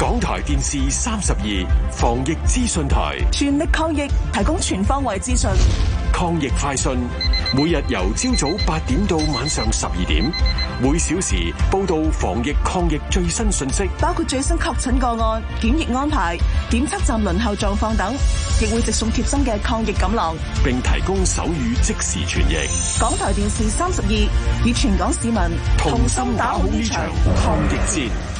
港台電視三十二防疫資訊台全力抗疫，提供全方位資訊。抗疫快訊，每日由朝早八點到晚上十二點，每小時報道防疫抗疫最新信息，包括最新確診個案、檢疫安排、檢測站輪候狀況等，亦會直送貼心嘅抗疫錦囊，並提供手語即時傳譯。港台電視三十二與全港市民同心打好呢場抗疫戰。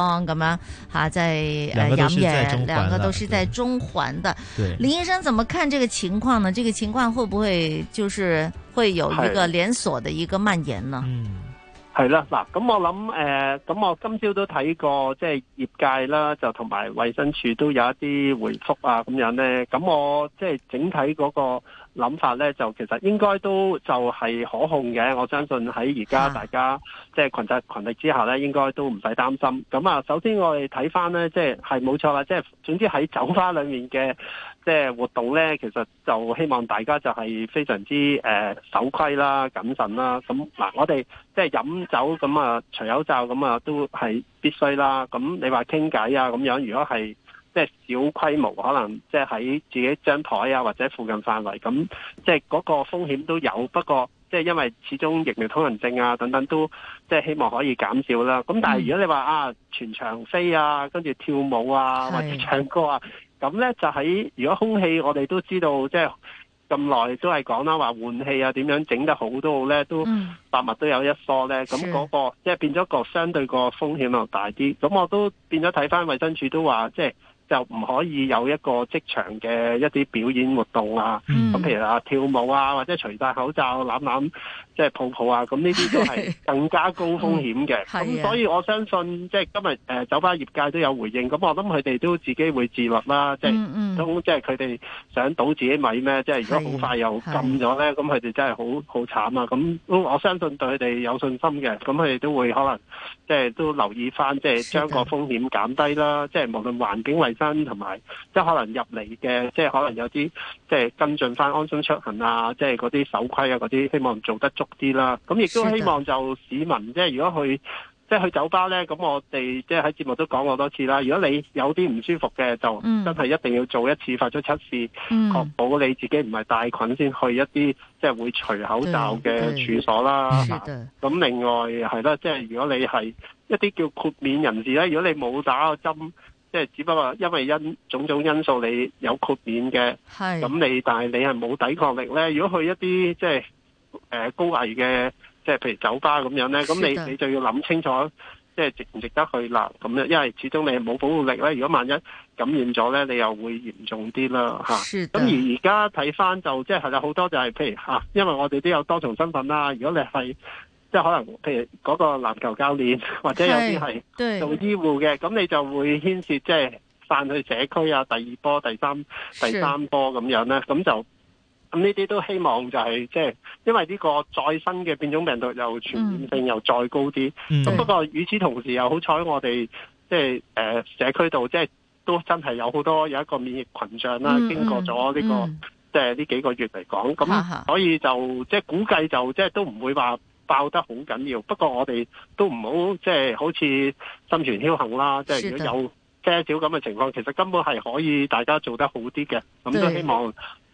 咁樣，即係，飲嘢、呃、飲嘢兩,兩個都是在中環的。對林醫生，怎麼看這個情況呢？這個情況會不會就是會有一個連鎖的一個蔓延呢？嗯，係啦，嗱，咁我諗誒，咁我今朝都睇過，即、就、係、是、業界啦，就同埋衛生署都有一啲回覆啊，咁樣咧，咁我即係、就是、整體嗰、那個。諗法呢就其實應該都就係可控嘅，我相信喺而家大家即係、就是、群策群力之下呢，應該都唔使擔心。咁啊，首先我哋睇返呢，即係係冇錯啦，即係、就是、總之喺酒吧裏面嘅即係活動呢，其實就希望大家就係非常之誒、呃、守規啦、謹慎啦。咁嗱，我哋即係飲酒咁啊，除口罩咁啊都係必須啦。咁你話傾偈啊，咁樣如果係。即、就、係、是、小規模，可能即係喺自己張台啊，或者附近範圍咁，即係嗰個風險都有。不過，即係因為始終疫苗通行證啊等等，都即係希望可以減少啦。咁但係如果你話、嗯、啊，全場飛啊，跟住跳舞啊，或者唱歌啊，咁呢，那就喺、是、如果空氣我哋都知道，即係咁耐都係講啦，話換氣啊點樣整得好都好呢，都百密、嗯、都有一疏呢。咁嗰、那個即係、就是、變咗個相對個風險又大啲。咁我都變咗睇翻衛生署都話即係。就是就唔可以有一個職場嘅一啲表演活動啊，咁、嗯、譬如啊跳舞啊，或者除曬口罩攬攬即係泡泡啊，咁呢啲都係更加高風險嘅。咁所以我相信即係、就是、今日誒酒吧業界都有回應，咁我諗佢哋都自己會自律啦、啊，即係都，即係佢哋想賭自己米咩？即、就、係、是、如果好快又禁咗咧，咁佢哋真係好好慘啊！咁我相信對佢哋有信心嘅，咁佢哋都會可能即係、就是、都留意翻，即係將個風險減低啦。即係、就是、無論環境為。跟同埋即係可能入嚟嘅，即係可能有啲即係跟進翻安心出行啊，即係嗰啲守規啊嗰啲，希望做得足啲啦。咁亦都希望就市民即係如果去即係去酒吧咧，咁我哋即係喺節目都講過多次啦。如果你有啲唔舒服嘅，就真係一定要做一次快速測試，確、嗯、保你自己唔係帶菌先去一啲即係會除口罩嘅處所啦。咁另外係啦，即係如果你係一啲叫豁免人士咧，如果你冇打針。即係只不過因為因種種因素你有豁免嘅，咁你但係你係冇抵抗力咧。如果去一啲即係誒、呃、高危嘅，即係譬如酒吧咁樣咧，咁你你就要諗清楚，即係值唔值得去啦。咁咧，因為始終你係冇保護力咧。如果萬一感染咗咧，你又會嚴重啲啦。嚇！咁而而家睇翻就即係係啦，好多就係譬如嚇、啊，因為我哋都有多重身份啦。如果你係即係可能，譬如嗰個籃球教練，或者有啲係做醫護嘅，咁你就會牽涉即係、就是、散去社區啊，第二波、第三、第三波咁樣啦，咁就咁呢啲都希望就係即係，因為呢個再新嘅變種病毒又傳染性又再高啲。咁、嗯、不過與此同時，又好彩我哋即係誒社區度即係都真係有好多有一個免疫群像啦、嗯，經過咗呢、這個即係呢幾個月嚟講，咁所以就即係、就是、估計就即係、就是、都唔會話。爆得好緊要，不過我哋都唔好，即係好似心存僥倖啦。即係如果有少少咁嘅情況，其實根本係可以大家做得好啲嘅。咁都希望。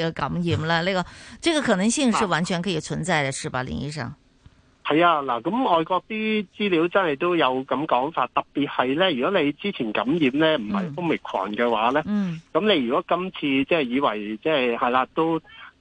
嘅感染啦，呢個，這個可能性是完全可以存在的，啊、是吧，林醫生？係啊，嗱，咁外國啲資料真係都有咁講法，特別係咧，如果你之前感染咧唔係 Omicron 嘅話咧，咁、嗯、你如果今次即係以為即係係啦都。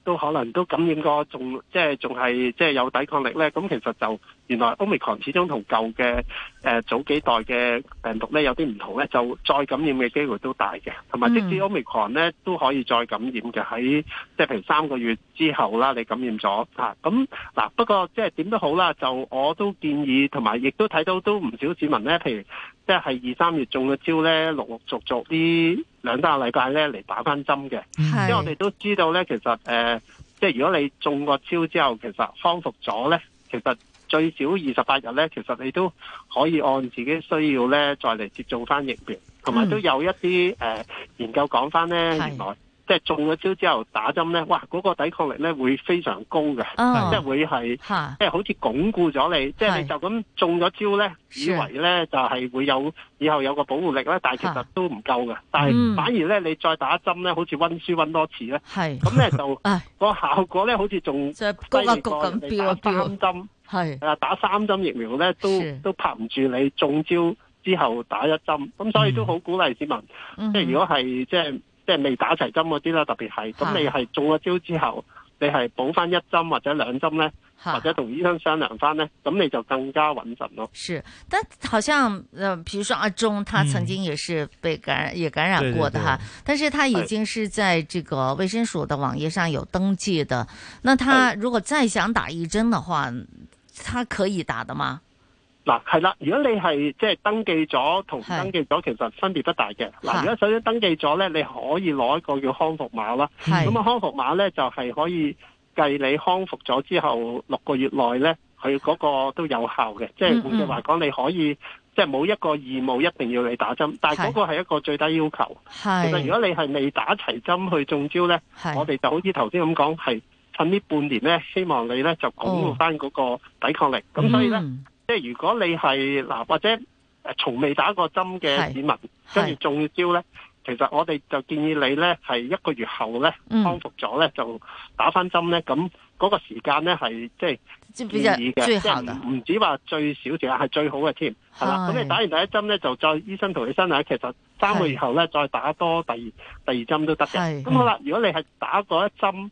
都可能都感染過，仲即係仲係即係有抵抗力咧。咁其實就原來 Omicron 始終同舊嘅誒早幾代嘅病毒咧有啲唔同咧，就再感染嘅機會都大嘅，同埋即使 Omicron 咧都可以再感染嘅，喺即係譬如三個月。之後啦，你感染咗嚇咁嗱。不過即係點都好啦，就我都建議同埋，亦都睇到都唔少市民咧。譬如即係二三月中嘅招咧，陸陸續續咧兩三個禮拜咧嚟打翻針嘅。因為我哋都知道咧，其實誒、呃，即係如果你中個招之後，其實康復咗咧，其實最少二十八日咧，其實你都可以按自己需要咧，再嚟接種翻疫苗，同埋都有一啲誒、嗯呃、研究講翻咧原即、就、係、是、中咗招之後打針咧，哇！嗰、那個抵抗力咧會非常高嘅、哦，即係會係即係好似鞏固咗你，是即係你就咁中咗招咧，以為咧就係會有以後有個保護力咧，但係其實都唔夠嘅。但係反而咧、嗯，你再打針咧，好似溫書溫多次咧，咁咧就、哎那個效果咧，好似仲即係高一高咁，打三針係啊，打三針疫苗咧都都拍唔住你中招之後打一針，咁、嗯、所以都好鼓勵市民，嗯、即係如果係即係。即係未打齊針嗰啲啦，特別係咁你係中咗招之後，是你係補翻一針或者兩針咧，或者同醫生商量翻咧，咁你就更加穩陣咯。是，但好像，呃，譬如說阿中，他曾經也是被感染，嗯、也感染過的哈，但是他已經是在這個衛生署的網頁上有登記的，的。那他如果再想打一針的話、嗯，他可以打的嗎？嗱，係啦，如果你係即係登記咗同唔登記咗，其實分別不大嘅。嗱，如果首先登記咗咧，你可以攞一個叫康復碼啦。咁啊，康復碼咧就係、是、可以計你康復咗之後六個月內咧，佢嗰個都有效嘅。即係換句話講，你可以即係冇一個義務一定要你打針，但係嗰個係一個最低要求。其實如果你係未打齊針去中招咧，我哋就好似頭先咁講，係趁呢半年咧，希望你咧就鞏固翻嗰個抵抗力。咁、哦、所以咧。即係如果你係嗱或者誒從未打過針嘅市民，跟住中招咧，其實我哋就建議你咧係一個月後咧、嗯、康復咗咧就打翻針咧，咁嗰個時間咧係即係建議嘅，即係唔止話最少時間，係最好嘅添，係啦。咁你打完第一針咧就再醫生同你商量，其實三個月後咧再打多第二第二針都得嘅。咁好啦，嗯、如果你係打過一針。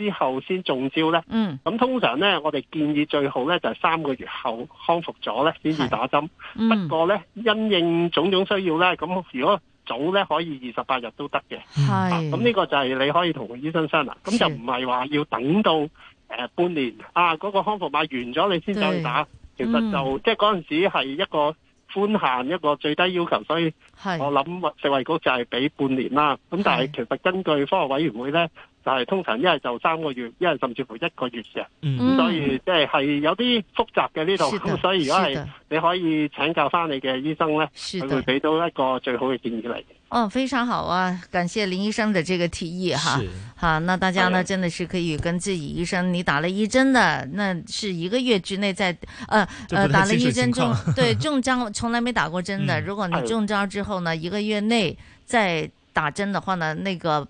之後先中招呢，咁、嗯、通常呢，我哋建議最好呢，就係、三個月後康復咗呢，先至打針。不過呢，因應種種需要呢，咁如果早呢，可以二十八日都得嘅。係咁呢個就係你可以同醫生商量，咁就唔係話要等到誒、呃、半年啊嗰、嗰個康復碼完咗你先走去打。其實就，嗯、即係嗰陣時係一個寬限一個最低要求，所以我諗食衛局就係俾半年啦。咁但係其實根據科學委員會呢。就係通常一係就三個月，一係甚至乎一個月嘅，嗯咁，所以即係係有啲複雜嘅呢度，咁所以如果係你可以請教翻你嘅醫生咧，佢會俾到一個最好嘅建議嚟嘅。哦，非常好啊，感謝林醫生嘅這個提議哈，吓、啊，那大家呢，真的是可以跟自己醫生，你打了一針的，那是一個月之內再，呃打了一針中， 對中招，從來沒打過針的、嗯，如果你中招之後呢，哎、一個月內再打針的話呢，那個。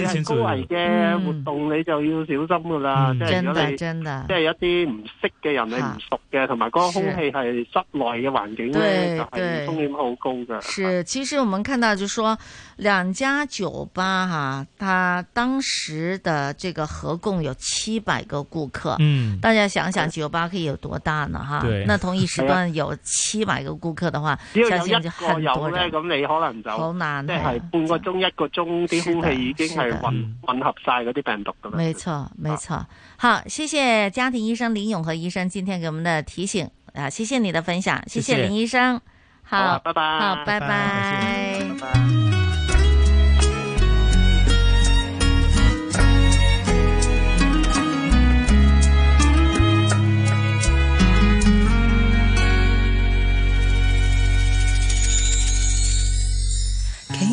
你係高危嘅活動，你就要小心噶啦、嗯，即係如果你即係、就是、一啲唔識嘅人你的，你唔熟嘅，同埋嗰個空氣係室內嘅環境咧，就係、是、風險好高噶。是，其實我們看到就說。兩家酒吧哈，他當時的這個合共有七百個顧客。嗯，大家想想，酒吧可以有多大呢？哈，那同一時段有七百個顧客的話，只要有一個有呢，咁你可能就好難、啊、即係半個鐘、一個鐘，啲空氣已經係混是是混合晒嗰啲病毒噶啦。沒錯，沒錯、啊。好，謝謝家庭醫生林永和醫生今天給我們的提醒啊！謝謝你的分享，謝謝林醫生。謝謝好，拜拜。好，好拜拜。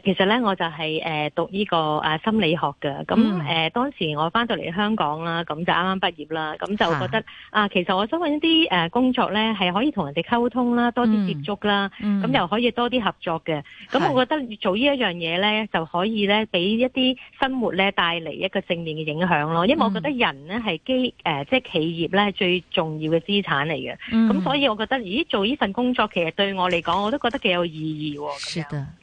其實咧我就係誒讀呢個誒心理學嘅，咁誒當時我翻到嚟香港啦，咁就啱啱畢業啦，咁就覺得啊，其實我想揾啲誒工作咧係可以同人哋溝通啦，多啲接觸啦，咁、嗯、又可以多啲合作嘅，咁我覺得做呢一樣嘢咧就可以咧俾一啲生活咧帶嚟一個正面嘅影響咯，因為我覺得人咧係基誒、嗯呃、即係企業咧最重要嘅資產嚟嘅，咁、嗯、所以我覺得咦做呢份工作其實對我嚟講我都覺得幾有意義喎，咁樣。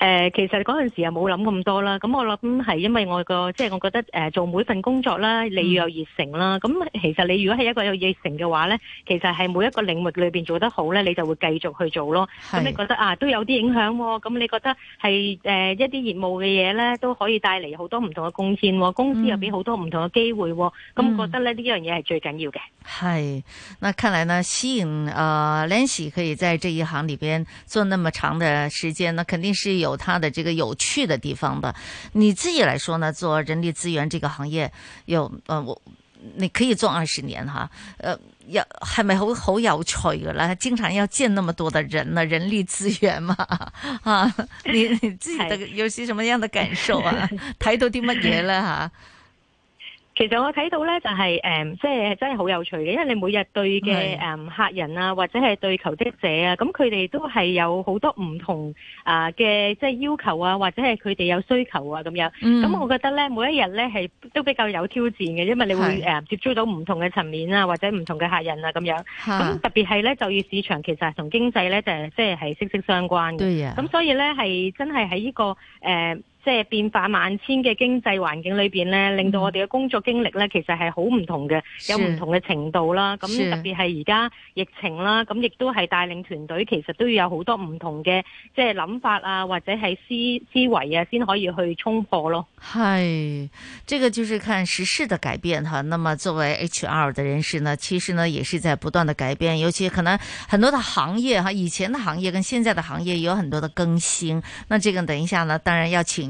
誒、呃，其實嗰陣時又冇諗咁多啦。咁我諗係因為我個即係我覺得誒、呃、做每份工作啦，你要有熱誠啦。咁、嗯、其實你如果係一個有熱誠嘅話咧，其實係每一個領域裏邊做得好咧，你就會繼續去做咯。咁你覺得啊，都有啲影響喎、哦。咁你覺得係誒、呃、一啲業務嘅嘢咧，都可以帶嚟好多唔同嘅貢獻。公司又俾好多唔同嘅機會、哦，咁、嗯嗯、覺得咧呢樣嘢係最緊要嘅。係，那看嚟呢，吸引啊，Lancy 可以在這一行裏邊做那麼長嘅時間，呢肯定是有。有他的這個有趣的地方吧，你自己來說呢？做人力資源這個行業，有呃，我你可以做二十年哈、啊，呃，要還沒好好有趣了，經常要見那麼多的人呢，人力資源嘛啊你，你自己的有些什麼樣的感受啊？睇到啲乜嘢了哈、啊？其實我睇到呢、就是，就係誒，即係真係好有趣嘅，因為你每日對嘅、嗯、客人啊，或者係對求職者啊，咁佢哋都係有好多唔同啊嘅、呃、即係要求啊，或者係佢哋有需求啊咁樣。咁、嗯、我覺得呢，每一日呢，係都比較有挑戰嘅，因為你會、嗯、接觸到唔同嘅層面啊，或者唔同嘅客人啊咁樣。咁特別係呢，就業市場其實同經濟呢，就係即係係息息相關嘅。咁、嗯、所以呢，係真係喺呢個誒。呃即係變化萬千嘅經濟環境裏邊咧，令到我哋嘅工作經歷咧，其實係好唔同嘅，嗯，有唔同嘅程度啦。咁特別係而家疫情啦，咁亦都係帶領團隊，其實都要有好多唔同嘅即係諗法啊，或者係思思維啊，先可以去衝破咯。係這個就是看時事的改變哈。那麼作為 HR 的人士呢，其實呢也是在不斷的改變，尤其可能很多的行業哈，以前的行業跟現在的行業有很多的更新。那這個等一下呢，當然要請。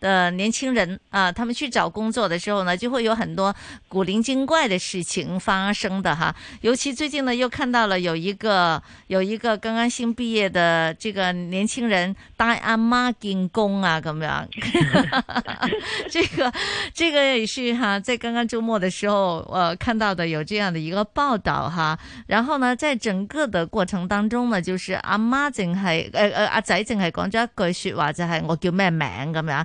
的年輕人啊，他們去找工作的時候呢，就會有很多古靈精怪的事情發生的哈。尤其最近呢，又看到了有一個有一個剛剛新畢業的這個年輕人帶阿媽見工啊，咁樣？ 這個這個也是哈，在剛剛周末的時候，呃，看到的有這樣的一個報道哈。然後呢，在整個的過程當中呢，就是阿媽正係呃呃，阿、啊、仔正係講咗一句說話，就係我叫咩名咁樣。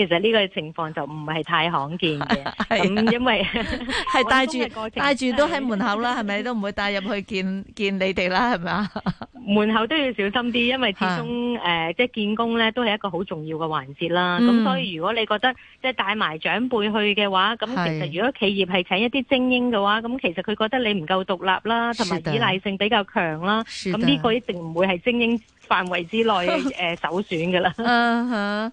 其實呢個情況就唔係太罕見嘅，咁、 嗯、因為係 帶住 帶住都喺門口啦，係 咪都唔會帶入去見 見，見你哋啦，係咪啊？ 門口都要小心啲，因為始終誒、 呃，即係見工咧都係一個好重要嘅環節啦。咁、嗯、所以如果你覺得 即係帶埋長輩去嘅話，咁其實如果企業係請一啲精英嘅話，咁其實佢覺得你唔夠獨立啦，同埋依賴性比較強啦，咁呢個一定唔會係精英範圍之內誒 首選噶的啦。嗯哼。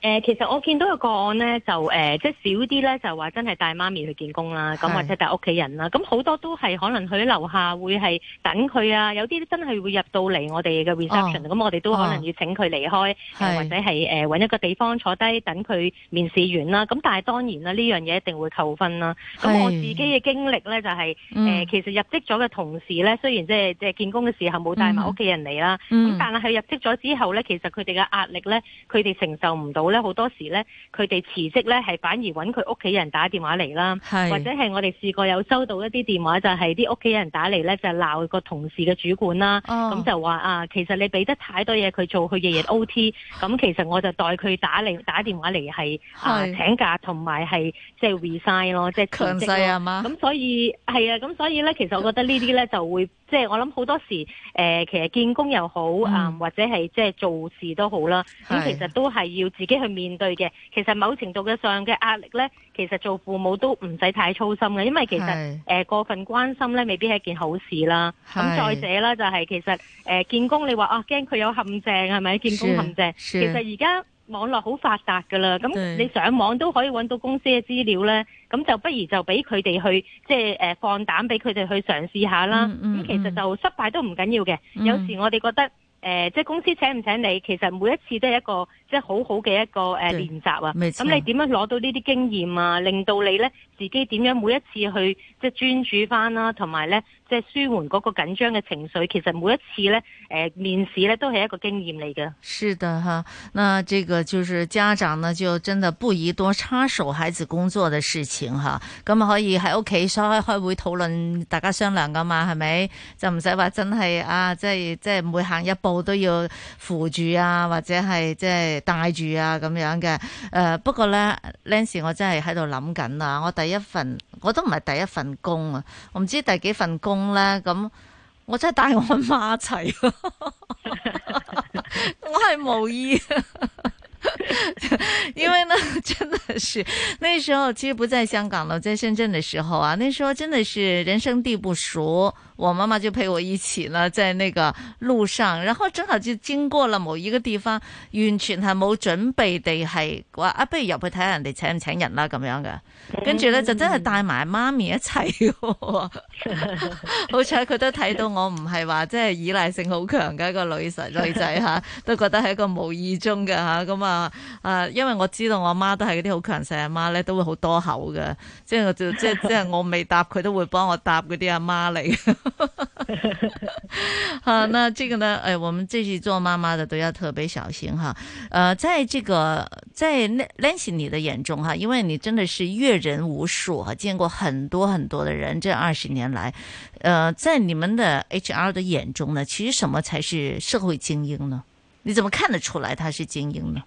誒、呃，其實我見到個個案咧，就誒、呃，即係少啲咧，就話真係帶媽咪去見工啦，咁或者帶屋企人啦，咁、嗯、好多都係可能佢喺樓下會係等佢啊，有啲真係會入到嚟我哋嘅 reception，咁、哦嗯、我哋都可能要請佢離開，哦呃、或者係誒搵一個地方坐低等佢面試完啦。咁但係當然啦，呢樣嘢一定會扣分啦。咁我自己嘅經歷咧、就是，就係誒，其實入職咗嘅同事咧，雖然即係即係見工嘅時候冇帶埋屋企人嚟啦，咁、嗯嗯、但係佢入職咗之後咧，其實佢哋嘅壓力咧，佢哋承受唔到。咧好多時咧，佢哋辭職咧係反而揾佢屋企人打電話嚟啦，或者係我哋試過有收到一啲電話，就係啲屋企人打嚟咧就鬧個同事嘅主管啦，咁、oh. 就話啊，其實你俾得太多嘢佢做，佢日日 O.T.，咁 其實我就代佢打嚟打電話嚟係啊請假同埋係即係 resign 咯，即係強勢啊嘛，咁、啊、所以係啊，咁所以咧其實我覺得呢啲咧就會即係 我諗好多時誒、呃，其實見工又好啊、嗯，或者係即係做事都好啦，咁其實都係要自己，去面對嘅，其實某程度嘅上嘅壓力呢，其實做父母都唔使太操心嘅，因為其實誒、呃、過分關心呢未必係一件好事啦。咁再者啦，就係、是、其實誒、呃、見工你話啊驚佢有陷阱係咪？見工陷阱，其實而家網絡好發達噶啦，咁你上網都可以揾到公司嘅資料呢，咁就不如就俾佢哋去即係誒放膽俾佢哋去嘗試下啦。咁、嗯嗯、其實就失敗都唔緊要嘅、嗯，有時我哋覺得。誒、呃，即係公司請唔請你，其實每一次都係一個即係好好嘅一個誒練習啊。咁你點樣攞到呢啲經驗啊，令到你呢自己點樣每一次去即係專注翻、啊、啦，同埋呢。即係舒緩嗰個緊張嘅情緒，其實每一次咧，誒、呃、面試咧都係一個經驗嚟嘅。是的吓，那這個就是家長呢就真的不宜多插手孩子工作的事情哈，咁啊可以喺屋企開開會討論，大家商量噶嘛係咪？就唔使話真係啊，即係即係每行一步都要扶住啊，或者係即係帶住啊咁樣嘅。誒、呃，不過咧，Nancy 我真係喺度諗緊啊，我第一份我都唔係第一份工啊，我唔知第幾份工。咧咁，我真係帶我阿媽一齊， 我係無意。 因為呢，真的是那時候其實不在香港咯，在深圳的時候啊，那時候真的是人生地不熟，我媽媽就陪我一起呢，在那個路上，然後正好就經過了某一個地方，完全係冇準備地係話啊，如看看請不如入去睇下人哋請唔請人啦、啊、咁樣嘅，跟住呢就真係帶埋媽咪一齊，哦， 好彩佢都睇到我唔係話即係依賴性好強嘅一個女仔女仔吓、啊，都覺得係一個無意中嘅吓咁啊。啊啊！因為我知道我媽都係嗰啲好強勢阿媽咧，都會好多口嘅，即係我即即係我未答佢都會幫我答嗰啲阿媽嚟。 好，那這個呢？哎我們這些做媽媽的都要特別小心哈。呃、啊、在這個在 Lancy 你的眼中哈，因為你真的是閱人無數，見過很多很多的人。這二十年來，呃在你們的 HR 的眼中呢，其實什麼才是社會精英呢？你怎麼看得出來他是精英呢？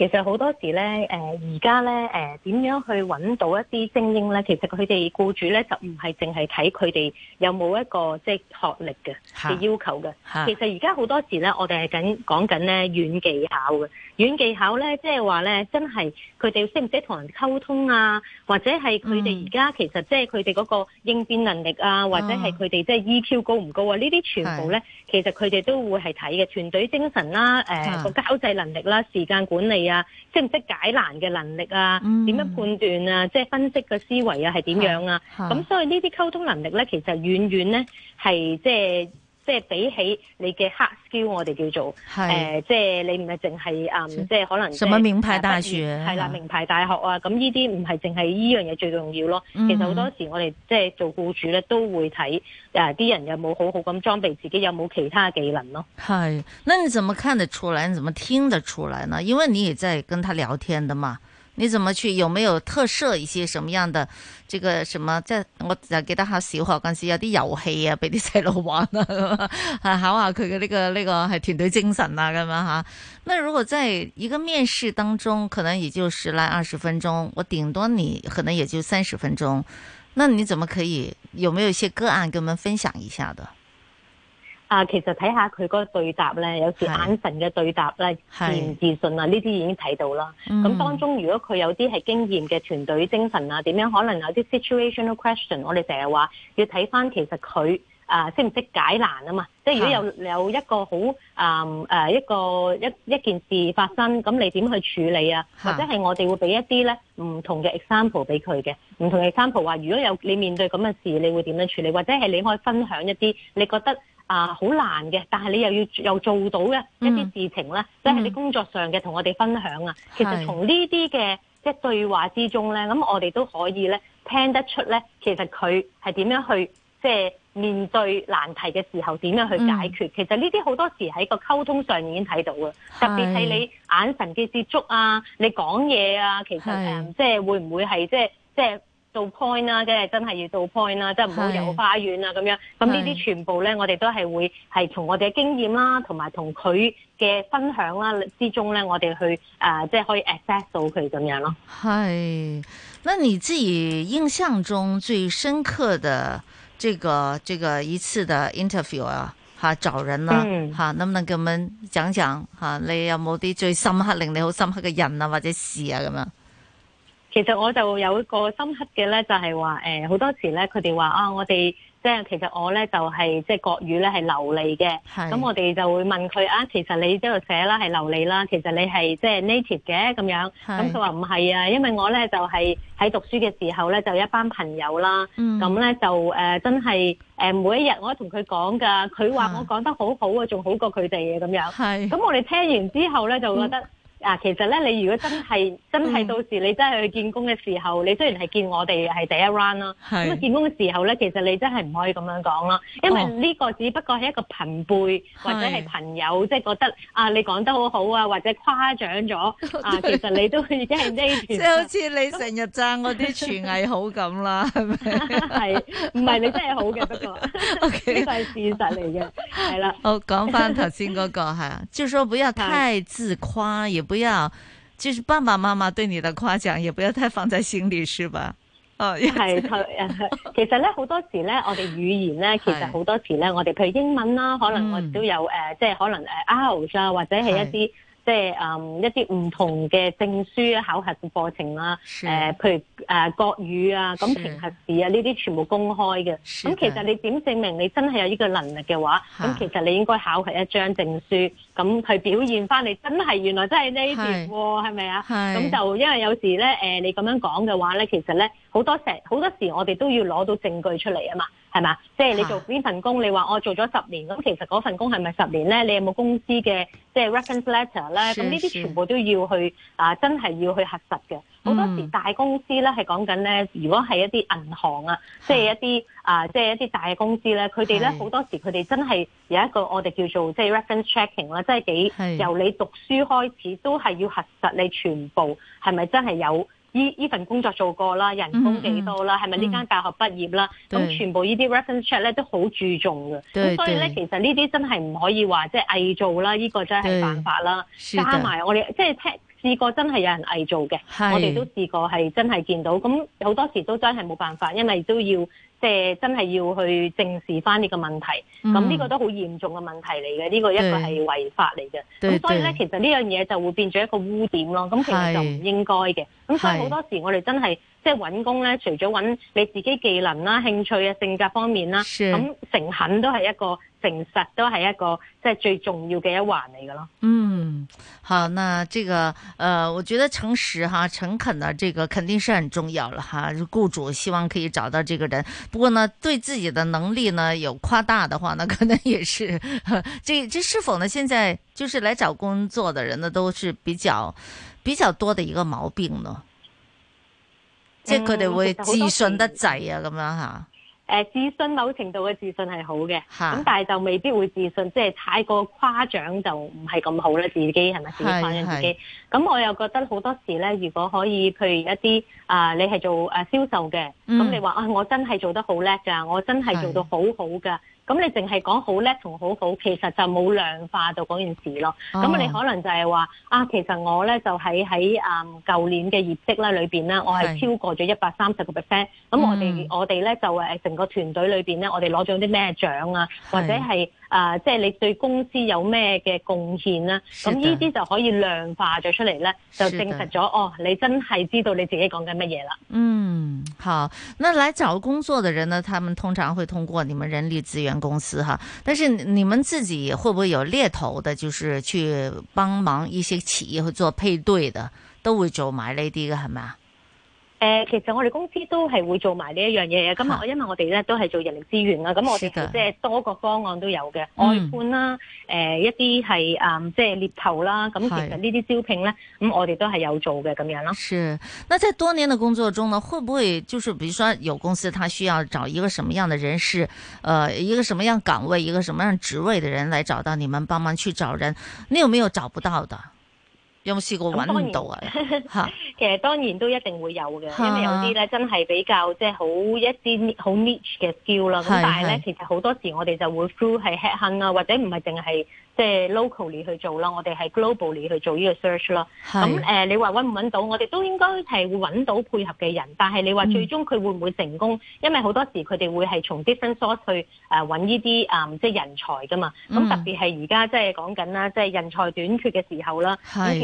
其實好多時咧，誒而家咧，誒點、呃、樣去揾到一啲精英咧？其實佢哋僱主咧就唔係淨係睇佢哋有冇一個即係學歷嘅嘅要求嘅。其實而家好多時咧，我哋係緊講緊咧軟技巧嘅軟技巧咧，即係話咧真係佢哋識唔識同人溝通啊，或者係佢哋而家其實即係佢哋嗰個應變能力啊，嗯、或者係佢哋即係 EQ 高唔高啊？呢啲全部咧，其實佢哋都會係睇嘅團隊精神啦、啊，個、呃嗯、交際能力啦、啊，時間管理、啊啊，識唔識解難嘅能力啊，點、嗯、樣判斷啊，即、就、係、是、分析嘅思維啊係點樣啊，咁所以呢啲溝通能力咧，其實遠遠咧係即係。即係比起你嘅 hard skill，我哋叫做誒、呃，即係你唔係淨係啊，即係可能。什麼名牌大學？係、啊、啦，名牌大學啊，咁呢啲唔係淨係呢樣嘢最重要咯。嗯、其實好多時我哋即係做僱主咧，都會睇誒啲人有冇好好咁裝備自己，有冇其他嘅技能咯。係，那你怎麼看得出來？你怎麼聽得出來呢？因為你也在跟他聊天的嘛。你怎麼去？有沒有特設一些什麼樣的？這個什麼，在我再給他哈學好，公司有啲咬黑啊，俾啲細路玩啊，考下佢嘅呢個呢、呢個係團隊精神啊咁樣哈。那如果在一個面試當中，可能也就十來二十分鐘，我頂多你可能也就三十分鐘，那你怎麼可以有沒有一些個案跟我們分享一下的？啊，其實睇下佢嗰個對答咧，有時眼神嘅對答咧，自唔自信啊，呢啲、啊、已經睇到啦。咁、嗯、當中如果佢有啲係經驗嘅團隊精神啊，點樣可能有啲 situational question，我哋成日話要睇翻其實佢啊識唔識解難啊嘛。即係如果有有一個好、嗯、啊一個一一件事發生，咁你點去處理啊？或者係我哋會俾一啲咧唔同嘅 example 俾佢嘅唔同嘅 example 話如果有你面對咁嘅事，你會點樣處理？或者係你可以分享一啲你覺得。啊，好難嘅，但係你又要又做到嘅一啲事情呢，即、嗯、係、即係、你工作上嘅同我哋分享啊、嗯。其實從呢啲嘅即係對話之中咧，咁我哋都可以咧聽得出咧，其實佢係點樣去即係、即係、面對難題嘅時候點樣去解決。嗯、其實呢啲好多時喺個溝通上面已經睇到啊，特別係你眼神嘅接觸啊，你講嘢啊，其實即係、嗯即係、會唔會係即係即係。即係做 point 啦、啊啊啊啊呃，即係真係要做 point 啦，即係唔好遊花園啊咁樣。咁呢啲全部咧，我哋都係會係從我哋嘅經驗啦，同埋同佢嘅分享啦之中咧，我哋去誒，即係可以 access 到佢咁樣咯。係，那你自己印象中最深刻的這個這個一次的 interview 啊，哈，找人呢、啊？哈、嗯，能唔能給我們講講？哈，你有冇啲最深刻令你好深刻嘅人啊，或者事啊咁樣？其實我就有一個深刻嘅咧，就係話誒，好多時咧，佢哋話啊，我哋即係其實我咧就係即係國語咧係流利嘅。係咁我哋就會問佢啊，其實你呢度寫啦係流利啦，其實你係即係 native 嘅咁樣。咁佢話唔係啊，因為我咧就係喺讀書嘅時候咧就一班朋友啦。咁、嗯、咧就誒、呃、真係誒、呃、每一日我都同佢講噶，佢話我講得好好啊，仲好過佢哋嘅咁樣。係。咁我哋聽完之後咧就覺得。嗯啊，其實咧，你如果真係真係到時你真係去見工嘅時候、嗯，你雖然係見我哋係第一 round 啦，咁啊見工嘅時候咧，其實你真係唔可以咁樣講啦，因為呢個只不過係一個朋輩、哦、或者係朋友，即係覺得啊，你講得好好啊，或者誇獎咗啊，其實你都已經係呢段，即係好似你成日贊我啲廚藝好咁啦，係 咪不是？係， 唔係你真係好嘅，不過呢個係事實嚟嘅，係啦。我講翻頭先嗰個係， 就是說不要太自誇。不要，即、就是爸爸媽媽對你的誇獎，也不要太放在心裏，是吧？哦，係其實咧好多時咧，我哋語言咧，其實好多時咧， 時我哋譬如英文啦，可能我哋都有誒、嗯呃，即係可能誒啊，或者係一啲即係誒、呃，一啲唔同嘅證書啊，考核嘅課程啦，誒、呃，譬如誒、呃、國語啊，咁評核試啊，呢啲全部公開嘅。咁其實你點證明你真係有呢個能力嘅話？咁、啊、其實你應該考核一張證書。咁去表現翻嚟，真係原來真係呢邊喎，係咪啊？咁就因為有時咧，誒你咁樣講嘅話咧，其實咧好多時好多時多時我哋都要攞到證據出嚟啊嘛，係嘛？即係你做邊份工，你話我做咗十年，咁其實嗰份工係咪十年咧？你有冇公司嘅即係 reference letter 咧？咁呢啲全部都要去啊，真係要去核實嘅。好多時大公司咧係講緊咧，如果係一啲銀行、嗯、啊，即係一啲啊，即係一啲大公司咧，佢哋咧好多時佢哋真係有一個我哋叫做即係 reference checking 啦，真係幾由你讀書開始都係要核實你全部係咪真係有依依份工作做過啦，人工幾多啦，係咪呢間大學畢業啦，咁、嗯、全部呢啲 reference check 咧都好注重嘅。咁所以咧，其實呢啲真係唔可以話即係偽造啦，呢、呢個真係犯法啦。加埋我哋即試過真係有人偽造嘅，我哋都試過係真係見到，咁好多時都真係冇辦法，因為都要即係真係要去正視翻呢個問題，咁、嗯、呢、這個都好嚴重嘅問題嚟嘅，呢、這個一個係違法嚟嘅，咁所以咧，其實呢樣嘢就會變咗一個污點咯，咁其實就唔應該嘅，咁所以好多時我哋真係。是嗯即係揾工咧，除咗揾你自己技能啦、興趣啊、性格方面啦，咁誠懇都係一個誠實都係一個即係最重要嘅一環嚟噶咯。嗯，好，那這個，呃，我覺得誠實哈誠懇呢，這個肯定是很重要了哈，啊。僱主希望可以找到這個人，不過呢，對自己的能力呢有誇大的話呢，呢可能也是，呵這這是否呢？現在就是來找工作的人呢，都是比較比較多的一個毛病呢。嗯、即係佢哋會自信得滯啊，咁、嗯、樣嚇。誒、嗯，自信某程度嘅自信係好嘅，咁但係就未必會自信，即係太過誇張就唔係咁好啦。自己係咪？自己自己？咁我又覺得好多時咧，如果可以，譬如一啲啊、呃，你係做誒銷售嘅，咁、嗯、你話啊、哎，我真係做得好叻㗎，我真係做到好好㗎。咁你淨係講好叻同好好，其實就冇量化到嗰件事咯。咁、uh-huh. 你可能就係話啊，其實我咧就喺喺啊舊年嘅業績啦裏邊咧，我係超過咗一百三十個 percent。咁我哋我哋咧就誒成個團隊裏邊咧，我哋攞咗啲咩獎啊，uh-huh. 或者係。.啊、呃，即係你對公司有咩嘅貢獻啦？咁呢啲就可以量化咗出嚟咧，就證實咗哦，你真係知道你自己講緊乜嘢啦。嗯，好。那來找工作嘅人呢？佢哋通常會通過你們人力資源公司哈，但是你們自己會唔會有獵頭的，就是去幫忙一些企業會做配對的，都會做埋呢啲嘅係嘛？好嗎？誒、呃，其實我哋公司都係會做埋呢一樣嘢嘅。咁啊，因為我哋咧都係做人力資源啦，咁我哋即係多個方案都有嘅、嗯，外判啦，誒、呃、一啲係誒即係獵頭啦。咁其實呢啲招聘咧，咁、嗯、我哋都係有做嘅咁樣咯。是。那在多年的工作中呢，會不會就是，比如說有公司，他需要找一個什麼樣的人士，誒、呃、一個什麼樣崗位，一個什麼樣職位的人來找到你們幫忙去找人？你有沒有找不到的？有冇試過揾到、嗯、啊？嚇， 其實當然都一定會有嘅，因為有啲咧、啊、真係比較即係好一啲好 niche 嘅 skill 啦。咁但係咧，其實好多時我哋就會 through 係 headhunt 啊，或者唔係淨係即係 locally 去做啦，我哋係 globally 去做呢個 search 啦。咁、嗯、誒、嗯，你話揾唔揾到，我哋都應該係會揾到配合嘅人。但係你話最終佢會唔會成功？嗯、因為好多時佢哋會係從 different source 去誒揾呢啲誒即係人才㗎嘛。咁、嗯、特別係而家即係講緊啦，即、就、係、是、人才短缺嘅時候啦。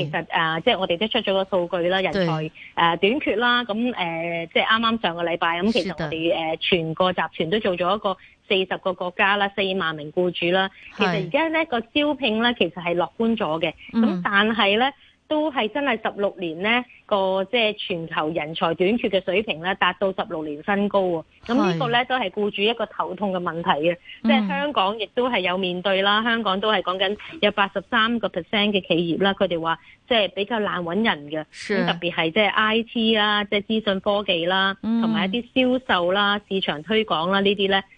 其實啊、呃，即係我哋都出咗個數據啦，人才誒短缺啦，咁、呃、誒即係啱啱上個禮拜咁，其實我哋誒、呃、全個集團都做咗一個四十個國家啦，四萬名僱主啦，其實而家咧個招聘咧其實係樂觀咗嘅，咁、嗯、但係咧。都係真係十六年呢個即係全球人才短缺嘅水平咧，達到十六年新高喎。咁呢個咧都係僱主一個頭痛嘅問題嘅，即係香港亦都係有面對啦。嗯、香港都係講緊有八十三個 percent 嘅企業啦，佢哋話即係比較難揾人嘅。咁特別係即係 I T 啦，即係資訊科技啦，嗯、同埋一啲銷售啦、市場推廣啦呢啲咧。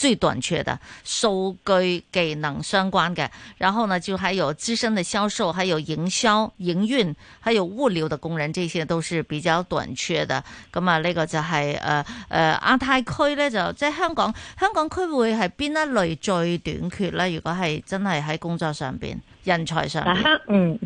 最短缺嘅數據技能相關嘅，然後呢就還有資深嘅銷售，還有營銷、營運，還有物流的工人，這些都是比較短缺的。咁、嗯、啊，呢、這個就係誒誒亞太區呢，就即係香港香港區會係邊一類最短缺呢？如果係真係喺工作上邊，人才上，嗯，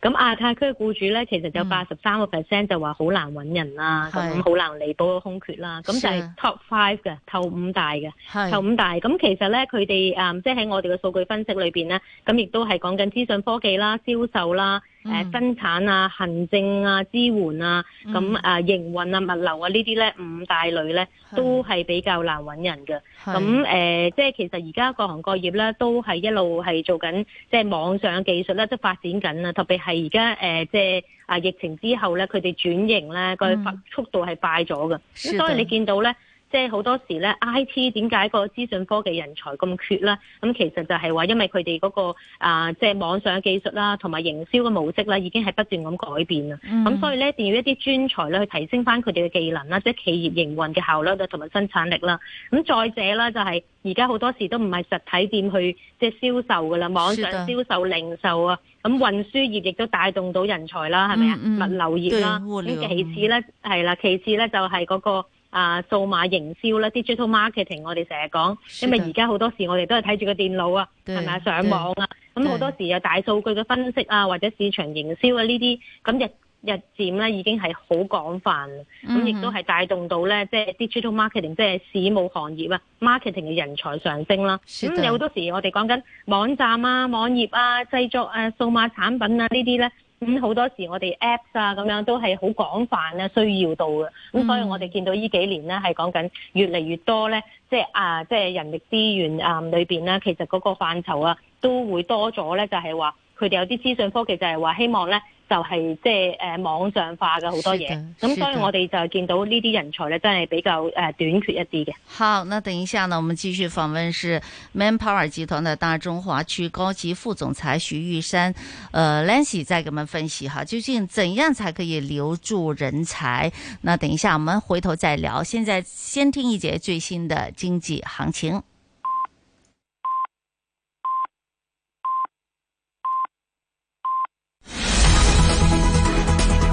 咁亞太區嘅雇主呢，其實有八十三個 percent 就話好難搵人啦，咁好難彌補空缺啦，咁就係 top five 嘅頭五大嘅。就五大咁，其實咧佢哋即係喺我哋嘅數據分析裏面咧，咁亦都係講緊資訊科技啦、銷售啦、誒、嗯啊、生產啊、行政啊、支援啊，咁、嗯嗯、啊營運啊、物流啊呢啲咧五大類咧，都係比較難揾人嘅。咁誒、呃，即係其實而家各行各業咧，都係一路係做緊即係網上嘅技術咧，即係發展緊啊。特別係而家誒，即係啊疫情之後咧，佢哋轉型咧，佢速度係快咗嘅、嗯。所以你見到咧。即係好多時咧，I T 點解個資訊科技人才咁缺呢？咁其實就係話因為佢哋嗰個啊、呃，即係網上嘅技術啦，同埋營銷嘅模式咧，已經係不斷咁改變啦咁、嗯、所以咧，一定要一啲專才咧去提升翻佢哋嘅技能啦，即係企業營運嘅效率啦，同埋生產力啦。咁再者啦就係而家好多時都唔係實體店去即係銷售噶啦，網上銷售、零售、零售啊，咁運輸業亦都帶動到人才啦，係咪啊？物流業啦。其次咧，係啦，其次咧就係嗰、嗰個。啊，數碼營銷啦 digital marketing，我哋成日講，因為而家好多時我哋都係睇住個電腦啊，係咪啊，上網啊，咁好多時有大數據嘅分析啊，或者市場營銷啊呢啲，咁日日漸咧已經係好廣泛，咁、嗯、亦都係帶動到咧，即係 digital marketing，即係事務行業啊，marketing 嘅人才上升啦。咁、嗯、有好多時我哋講緊網站啊、網頁啊、製作啊、數碼產品啊呢啲咧。咁、嗯、好多時我哋 Apps 啊咁樣都係好廣泛咧需要到嘅，咁、嗯、所以我哋見到呢幾年咧係講緊越嚟越多咧，即係啊即係人力資源啊裏邊咧，其實嗰個範疇啊都會多咗咧，就係話。佢哋有啲資訊科技就係話希望咧，就係即係誒網上化嘅好多嘢，咁所以我哋就係見到呢啲人才咧，真係比較誒短缺一啲嘅。好，那等一下呢，我們繼續訪問是 Manpower 集團嘅大中華區高級副總裁徐玉珊，呃，Lancy 再給我們分析哈，究竟怎樣才可以留住人才？那等一下我們回頭再聊，現在先聽一節最新的經濟行情。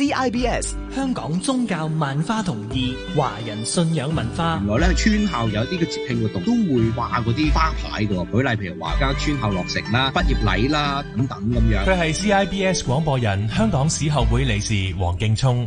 CIBS 香港宗教萬花筒二華人信仰文化，原來咧村校有啲嘅節慶活動都會掛嗰啲花牌噶。舉例譬如華家村校落成啦、畢業禮啦等等咁樣。佢係 CIBS 廣播人，香港史學會理事黃敬聰。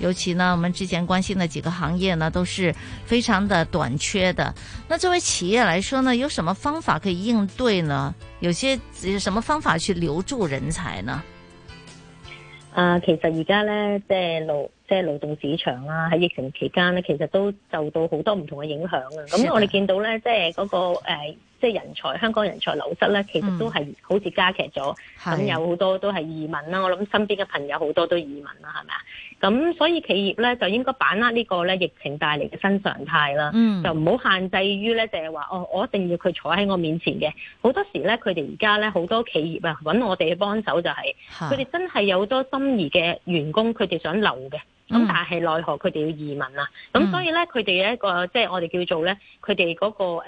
尤其呢，我們之前關心的幾個行業呢，都是非常的短缺的。那作為企業來說呢，有什麼方法可以應對呢？有些什麼方法去留住人才呢？啊、呃，其實而家呢，即係勞即係勞動市場啦、啊，喺疫情期間呢，其實都受到好多唔同嘅影響啊。咁我哋見到呢，即係嗰個誒，即、呃、係、就是、人才，香港人才流失呢，其實都係好似加劇咗。咁、嗯嗯、有好多都係移民啦、啊，我諗身邊嘅朋友好多都移民啦，係咪啊？是咁所以企業咧就應該把握個呢個咧疫情帶嚟嘅新常態啦，嗯、就唔好限制於咧就係、是、話哦，我一定要佢坐喺我面前嘅。好多時咧，佢哋而家咧好多企業啊揾我哋幫手就係、是，佢哋真係有好多心儀嘅員工，佢哋想留嘅，咁、嗯、但係奈何佢哋要移民啦、啊、咁、嗯、所以咧，佢哋一個即係我哋叫做咧，佢哋嗰個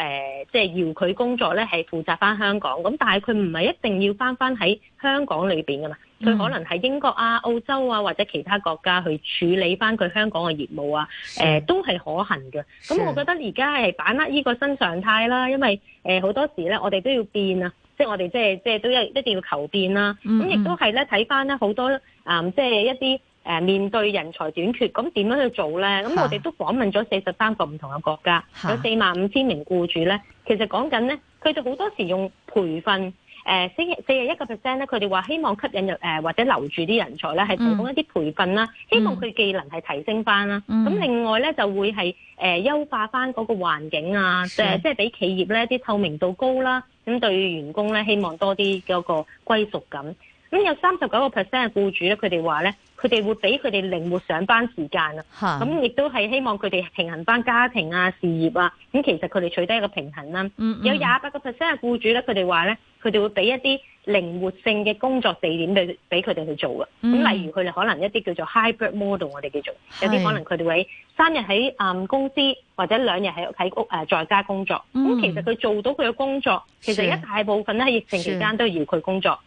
即係遙距工作咧，係負責翻香港，咁但係佢唔係一定要翻翻喺香港裏面噶嘛。佢可能係英國啊、澳洲啊或者其他國家去處理翻佢香港嘅業務啊，誒都係可行嘅。咁我覺得而家係把握呢個新常態啦，因為誒呃、好多時咧，我哋都要變啊，即係我哋即係即係都要一定要求變啦。咁亦都係咧睇翻咧好多啊、嗯，即係一啲誒面對人才短缺，咁點樣去做咧？咁我哋都訪問咗四十三個唔同嘅國家，有四萬五千名僱主咧。其實講緊咧，佢哋好多時用培訓。誒四十一個 percent 咧，佢哋話希望吸引人誒、呃、或者留住啲人才咧，係提供一啲培訓啦、嗯，希望佢技能係提升翻啦。咁、嗯、另外咧就會係誒、呃、優化翻嗰個環境啊，即係即係俾企業咧啲透明度高啦。咁對員工咧希望多啲嗰個歸屬感。咁有三十九個 percent 嘅僱主咧，佢哋話咧。佢哋會俾佢哋靈活上班時間啊，咁亦都係希望佢哋平衡返家庭啊、事業啊，咁、嗯、其實佢哋取得一個平衡啦、嗯嗯。有廿八個 percent 嘅僱主咧，佢哋話咧，佢哋會俾一啲靈活性嘅工作地點去俾佢哋去做嘅。咁、嗯、例如佢哋可能一啲叫做 hybrid model，我哋叫做有啲可能佢哋會三日喺誒、嗯、公司或者兩日喺喺屋誒、呃、在家工作。咁、嗯、其實佢做到佢嘅工作，其實一大部分咧喺疫情期間都要佢工作。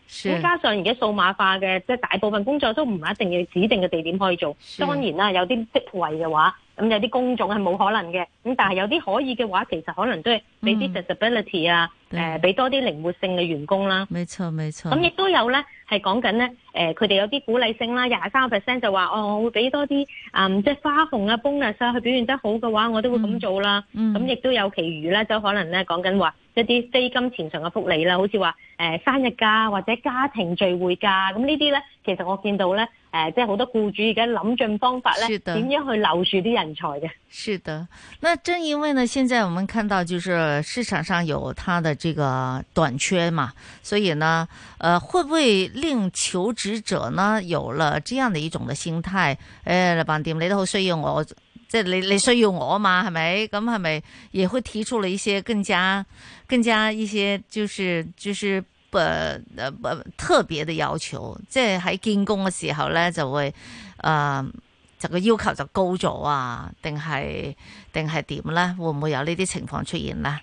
加上而家數碼化嘅，即、就、係、是、大部分工作都唔係一定要，指定嘅地點可以做，當然啦，有啲職位嘅話，咁有啲工種係冇可能嘅。咁但係有啲可以嘅話，其實可能都係俾啲 disability 啊、嗯，誒，俾多啲靈活性嘅員工啦。冇錯，冇錯。咁亦都有咧，係講緊咧，誒，佢哋有啲鼓勵性啦，廿三個 percent 就話，哦，我會俾多啲，嗯，即係花紅啊，bonus 啊，佢表現得好嘅話，我都會咁做啦。咁亦都有其餘咧，就可能咧講緊話一啲非金錢上嘅福利啦，好似話誒生日假或者家庭聚會假，咁呢啲咧，其實我見到咧。誒、呃，即係好多僱主而家諗盡方法咧，點樣去留住啲人才嘅？是的，那正因為呢，現在我們看到就是市場上有它的這個短缺嘛，所以呢，呃，會不會令求職者呢有了這樣的一種嘅心態？誒、哎，老闆你都好需要我，即係你你需要我嘛？係咪？咁係咪也會提出了一些更加更加一些就是就是？誒誒，特別嘅要求，即係喺見工嘅時候咧、呃，就會誒，就個要求就高咗啊？定係定係點咧？會唔會有呢啲情況出現咧？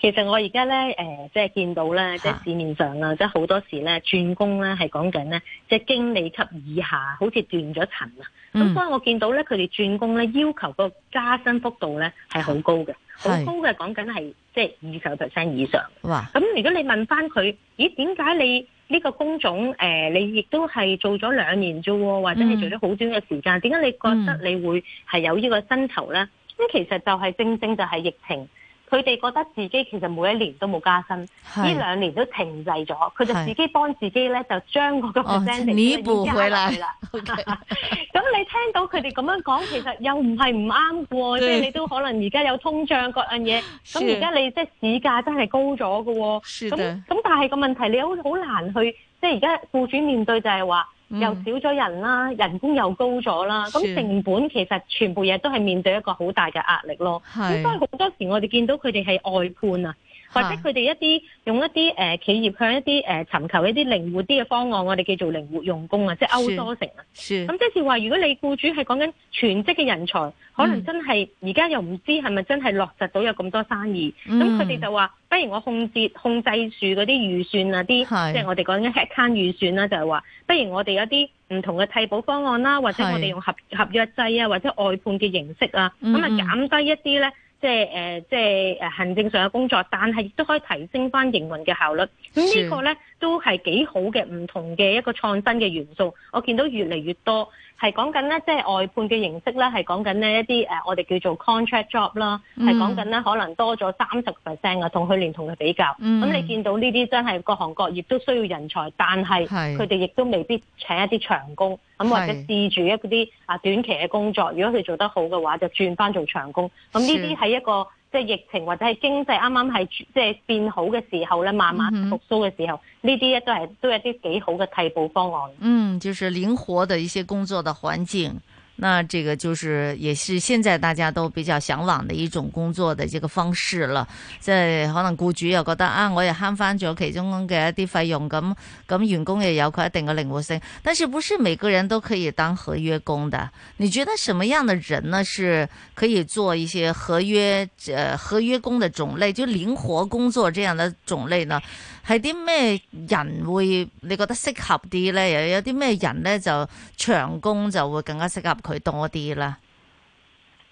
其實我而家咧，誒、呃，即係見到咧，即係市面上啊，即係好多時咧，轉工咧係講緊咧，即係經理級以下，好似斷咗層啊。咁、嗯、所以我見到咧，佢哋轉工咧，要求個加薪幅度咧係好高嘅，好高嘅講緊係即係二十 percent 以上。哇、咁如果你問翻佢，咦點解你呢個工種誒、呃、你亦都係做咗兩年啫，或者你做咗好短嘅時間，點、嗯、解你覺得你會係有呢個薪酬咧？咁、嗯、其實就係正正就係疫情。佢哋覺得自己其實每一年都冇加薪，呢兩年都停滯咗，佢就自己幫自己咧就將嗰個 percent 咗、哦。你一步啦，咁、okay. 你聽到佢哋咁樣講，其實又唔係唔啱喎，即係你都可能而家有通脹各樣嘢，咁而家你即係市價真係高咗嘅，咁咁但係個問題你好好難去，即係而家僱主面對就係話。嗯、又少咗人啦，人工又高咗啦，咁成本其實全部嘢都係面對一個好大嘅壓力咯。咁所以好多時我哋見到佢哋係外判啊。或者佢哋一啲用一啲誒、呃、企業向一啲誒尋求一啲靈活啲嘅方案，我哋叫做靈活用工啊，即係歐多成啊。咁、嗯嗯、即是話，如果你僱主係講緊全職嘅人才，可能真係而家又唔知係咪真係落實到有咁多生意，咁佢哋就話，不如我控制控制住嗰啲預算啊，啲即係我哋講緊 headcount 預算啦、啊，就係、是、話，不如我哋有啲唔同嘅替補方案啦、啊，或者我哋用合合約制啊，或者外判嘅形式啊，咁啊減低一啲咧。嗯嗯。即係，誒、呃，即係誒行政上嘅工作，但係亦都可以提升翻營運嘅效率。咁呢個咧。都係幾好嘅，唔同嘅一個創新嘅元素，我見到越嚟越多係講緊咧，即係外判嘅形式咧，係講緊呢一啲誒、呃、我哋叫做 contract job 啦、嗯，係講緊咧可能多咗三十 percent 啊，同去年同佢比較，咁、嗯、你見到呢啲真係各行各業都需要人才，但係佢哋亦都未必請一啲長工，咁或者試住一啲啊短期嘅工作，如果佢做得好嘅話，就轉翻做長工，咁呢啲係一個。即係疫情或者係經濟啱啱係即係變好嘅時候咧，慢慢復蘇嘅時候，呢啲咧、嗯、都係都係一啲幾好嘅替補方案。嗯，就是靈活的一些工作的環境。那這個就是也是現在大家都比較向往的一種工作的這個方式了，即係可能僱主，又覺得啊，我也慳翻咗其中嘅一啲費用，咁咁員工也有佢一定嘅靈活性，但是不是每個人都可以當合約工的？你覺得什麼樣的人呢是可以做一些合約呃合約工的種類，就靈活工作這樣的種類呢？係啲咩人會你覺得適合啲呢？又有啲咩人呢？就長工就會更加適合佢多啲啦。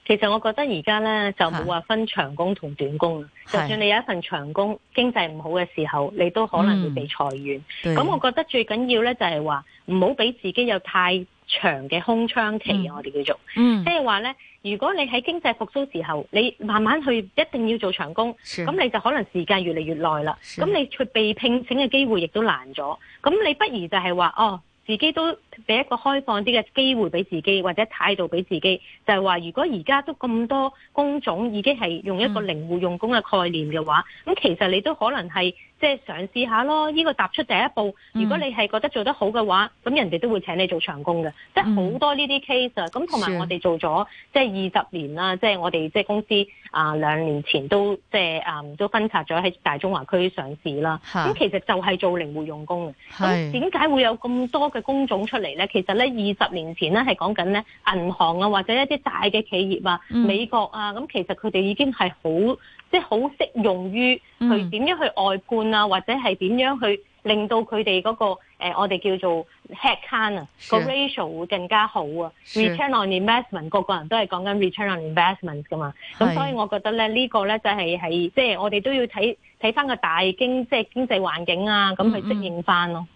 其實我覺得而家呢，就冇話分長工同短工。就算你有一份長工，經濟唔好嘅時候，你都可能會被裁員。咁、嗯、我覺得最緊要呢，就係話唔好俾自己有太。長嘅空窗期，嗯、我哋叫做，即係話呢，如果你喺經濟復甦時候，你慢慢去，一定要做長工，咁你就可能時間越嚟越耐啦。咁你去被聘請嘅機會亦都難咗，咁你不如就係話，哦，自己都。俾一個開放啲嘅機會俾自己，或者態度俾自己，就係、是、話如果而家都咁多工種已經係用一個靈活用工嘅概念嘅話，咁、嗯、其實你都可能係即係嘗試下咯。呢、這個踏出第一步，如果你係覺得做得好嘅話，咁、嗯、人哋都會請你做長工嘅、嗯。即係好多呢啲 case 啊。咁同埋我哋做咗即係二十年啦，即係我哋即係公司啊兩、呃、年前都即係啊、呃、都分拆咗喺大中華區上市啦。咁其實就係做靈活用工嘅。咁點解會有咁多嘅工種出嚟？嚟咧，其實咧二十年前咧係講緊咧銀行啊，或者一啲大嘅企業啊，美國啊，咁、嗯、其實佢哋已經係好即係好適用於去點樣去外判啊、嗯，或者係點樣去令到佢哋嗰個、呃、我哋叫做 headcount 啊，個 ratio 會更加好啊，return on investment 個個人都係講緊 return on investment 噶嘛，咁所以我覺得咧呢個咧就係喺即係我哋都要睇睇翻個大經即係、就是、經濟環境啊，咁去適應翻咯。嗯嗯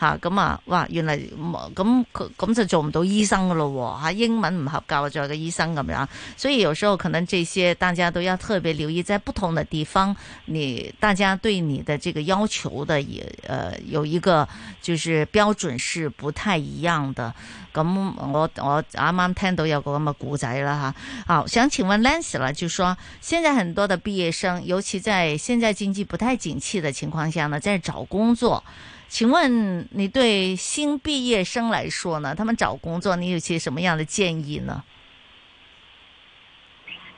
吓咁啊！哇，原來咁咁就做唔到醫生噶咯喎！吓，英文唔合格做個醫生咁樣，啊，所以有時候可能這些大家都要特別留意，在不同的地方你，你大家對你的這個要求的也，也呃有一個就是標準是不太一樣的。咁我我啱啱聽到有個咁嘅故仔啦，吓，好想請問 Lance 啦，就說現在很多的畢業生，尤其在現在經濟不太景氣的情況下呢，在找工作。請問你對新畢業生來說呢？他們找工作你有些什麼樣的建議呢？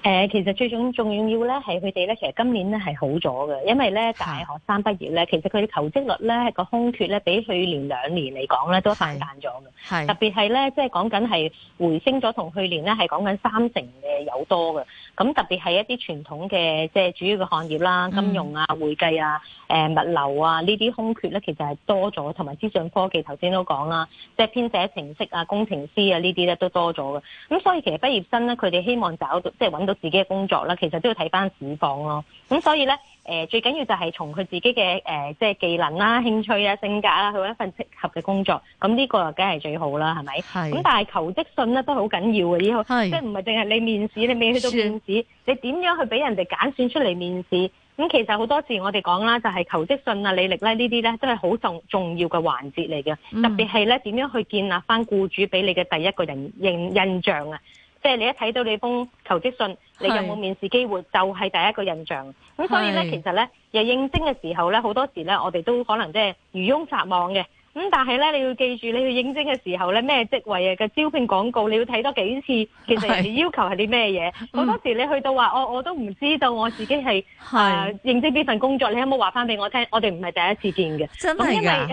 誒、呃，其實最重重要咧係佢哋咧，其實今年咧係好咗嘅，因為咧大學生畢業咧，其實佢哋求職率咧個空缺咧比去年兩年嚟講咧都反彈咗嘅，特別係咧即係講緊係回升咗，同去年咧係講緊三成嘅有多嘅。咁特別係一啲傳統嘅，即係主要嘅行業啦，金融啊、會計啊、誒物流啊，呢啲空缺咧其實係多咗，同埋資訊科技頭先都講啦，即係編寫程式啊、工程師啊呢啲咧都多咗嘅。咁所以其實畢業生咧，佢哋希望找到即係搵到自己嘅工作啦，其實都要睇翻市況咯。咁所以咧。誒、呃，最緊要就係從佢自己嘅誒、呃，即係技能啦、啊、興趣啊、性格啦、啊，去揾一份適合嘅工作。咁呢個梗係最好啦，係咪？係。咁但係求職信咧都好緊要嘅、啊，以後即係唔係淨係你面試，你未去到面試，你點樣去俾人哋揀選出嚟面試？咁、嗯、其實好多時我哋講啦，就係、是、求職信啊、履歷咧呢啲咧，都係好重重要嘅環節嚟嘅。特別係咧，點樣去建立翻僱主俾你嘅第一個人印印象啊。即係你一睇到你封求職信，你有冇面試機會，就係第一個印象。咁所以咧，其實咧，又應徵嘅時候咧，好多時咧，我哋都可能即係漁翁撒網嘅。咁但係咧，你要記住，你去應徵嘅時候咧，咩職位啊嘅招聘廣告，你要睇多幾次，其實要求係啲咩嘢？好多時你去到話，嗯，我我都唔知道我自己係啊應徵呢份工作，你可唔可以話翻俾我聽？我哋唔係第一次見嘅，真係噶，因為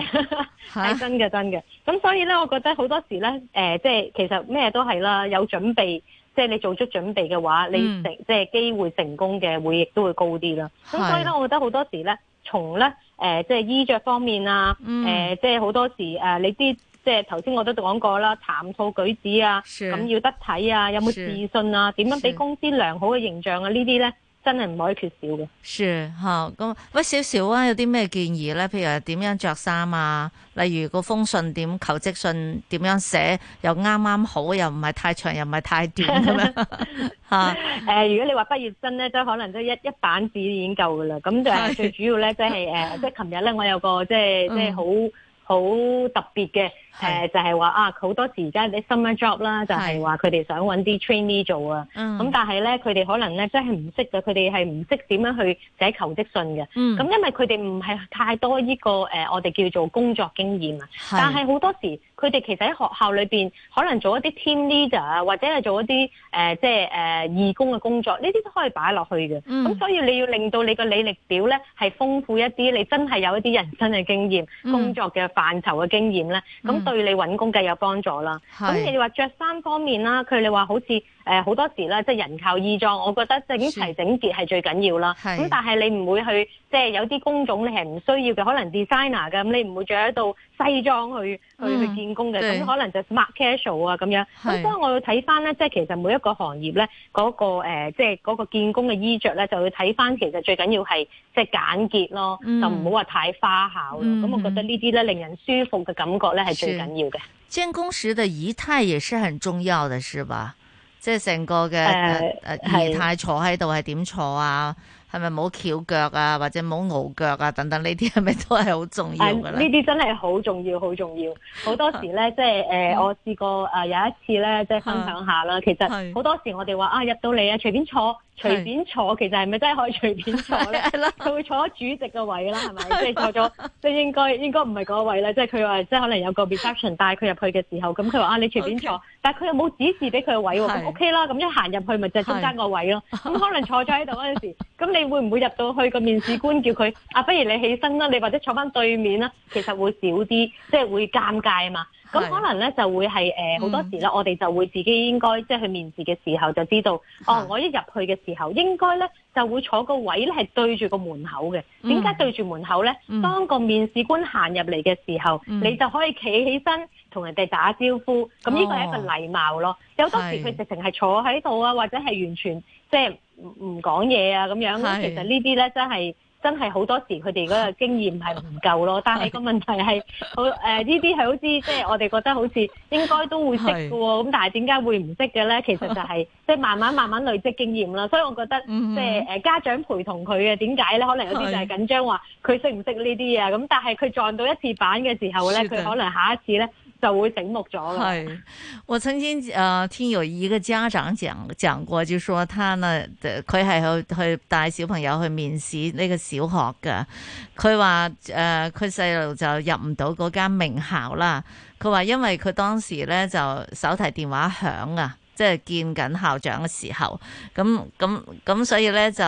係真嘅真嘅。咁所以咧，我覺得好多時咧，誒、呃，即係其實咩都係啦，有準備，即、就、係、是、你做足準備嘅話，嗯，你成即係機會成功嘅會亦都會高啲啦。咁所以咧，我覺得好多時咧，從咧。誒、呃，即係衣着方面啊，誒、嗯呃，即係好多時誒、啊，你啲即係頭先我都講過啦，談吐舉止啊，咁要得體啊，有冇自信啊，點樣俾公司良好嘅形象啊？呢啲咧。真係唔可以缺少嘅。是嚇，咁喂少少啊，有啲咩建議咧？譬如點樣着衫啊？例如個封信點求職信點樣寫，又啱啱好，又唔係太長，又唔係太短咁樣嚇。誒、 呃，如果你話畢業生咧，都可能都一一板紙已經夠噶啦。咁就係最主要咧、就是呃，即係誒，即係琴日咧，我有個即係即係好好特別嘅。誒、呃、就係、是、話啊，好多時而家啲 summer job 啦，就係話佢哋想揾啲 trainee 做啊。咁、嗯、但係咧，佢哋可能咧真係唔識嘅，佢哋係唔識點樣去寫求職信嘅。咁、嗯、因為佢哋唔係太多呢、這個誒、呃，我哋叫做工作經驗啊。但係好多時佢哋其實喺學校裏面可能做一啲 team leader 啊，或者係做一啲誒、呃、即係誒、呃、義工嘅工作，呢啲都可以擺落去嘅。咁、嗯嗯、所以你要令到你嘅履歷表咧係豐富一啲，你真係有一啲人生嘅經驗、嗯、工作嘅範疇嘅經驗咧，咁、嗯。嗯對你揾工嘅有幫助啦。咁你話着衫方面啦，佢你話好似誒、好多時啦，即係人靠衣裝，我覺得即係整齊整潔係最緊要啦。咁但係你唔會去即係有啲工種你係唔需要嘅，可能 designer 嘅咁你唔會着一套西裝去去、嗯、去見工嘅。咁可能就 smart casual 啊咁樣。咁所以我要睇翻咧，即係其實每一個行業咧嗰、那個、呃、即係嗰個見工嘅衣着咧，就要睇翻其實最緊要係即係簡潔咯，嗯、就唔好話太花巧咯。咁、嗯嗯、我覺得呢啲咧令人舒服嘅感覺咧係最緊要嘅，見工時的儀態也是很重要的，是吧？即係成個嘅誒誒儀態，坐喺度係點坐啊？係咪冇翹腳啊，或者冇敖腳啊？等等呢啲係咪都係好重要噶啦？呢、啊、啲真係好重要，好重要。好多時咧， 即係誒、呃，我試過誒、呃，有一次咧，即係分享下啦。其實好多時我哋話啊，入到嚟啊，隨便坐，隨便坐，是其實係咪真係可以隨便坐咧？佢會坐咗主席嘅位啦，係咪？ 即係坐咗，即係應該應該唔係嗰位咧。即係佢話，即係可能有個 reception 帶佢入去嘅時候，咁佢話啊，你隨便坐。Okay. 但係佢又冇指示俾佢位喎。咁 OK 啦，咁一行入去咪就係中間個位咯。咁可能坐咗喺度嗰陣時，咁 你會唔會入到去、個面試官叫佢 啊？不如你起身啦，你或者坐翻對面啦。其實會少啲，即、就、係、是、會尷尬啊嘛。咁可能咧就會係誒好多時咧，我哋就會自己應該、嗯、即係去面試嘅時候就知道。哦，我一入去嘅時候應該咧就會坐個位咧係對住個門口嘅。點、嗯、解對住門口咧、嗯？當個面試官行入嚟嘅時候、嗯，你就可以企起身同人哋打招呼。咁、哦、呢個係一個禮貌咯。有好多時佢直情係坐喺度啊，或者係完全即係。即係唔講講嘢啊咁樣，其實呢啲咧真係真係好多時佢哋嗰個經驗係唔夠咯。 但係個問題係 好誒，呢啲係好似即係我哋覺得好似應該都會識㗎喎，咁 但係點解會唔識嘅咧？其實就係即係慢慢慢慢累積經驗啦。所以我覺得即係、 就是呃、家長陪同佢嘅點解咧，可能有啲就係緊張話佢 識唔識呢啲嘢咁，但係佢撞到一次板嘅時候咧，佢 可能下一次咧。就會醒目咗啦係，我曾經誒聽有一個家長講講過，就說他呢，佢係去去帶小朋友去面試呢個小學噶。佢話誒，佢細路就入唔到嗰間名校啦。佢話因為佢當時咧就手提電話響啊，即係見緊校長嘅時候，咁咁咁，所以咧就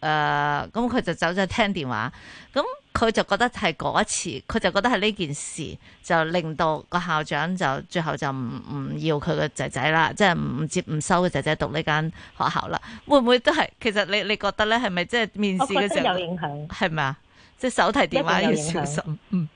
誒，咁佢就走咗聽電話咁。嗯佢就覺得係嗰一次，佢就覺得係呢件事就令到個校長就最後就唔唔要佢個仔仔啦，即係唔接唔收個仔仔讀呢間學校啦。會唔會都係？其實你你覺得咧，係咪即係面試嘅時候有影響，係咪啊？即係手提電話要小心，嗯，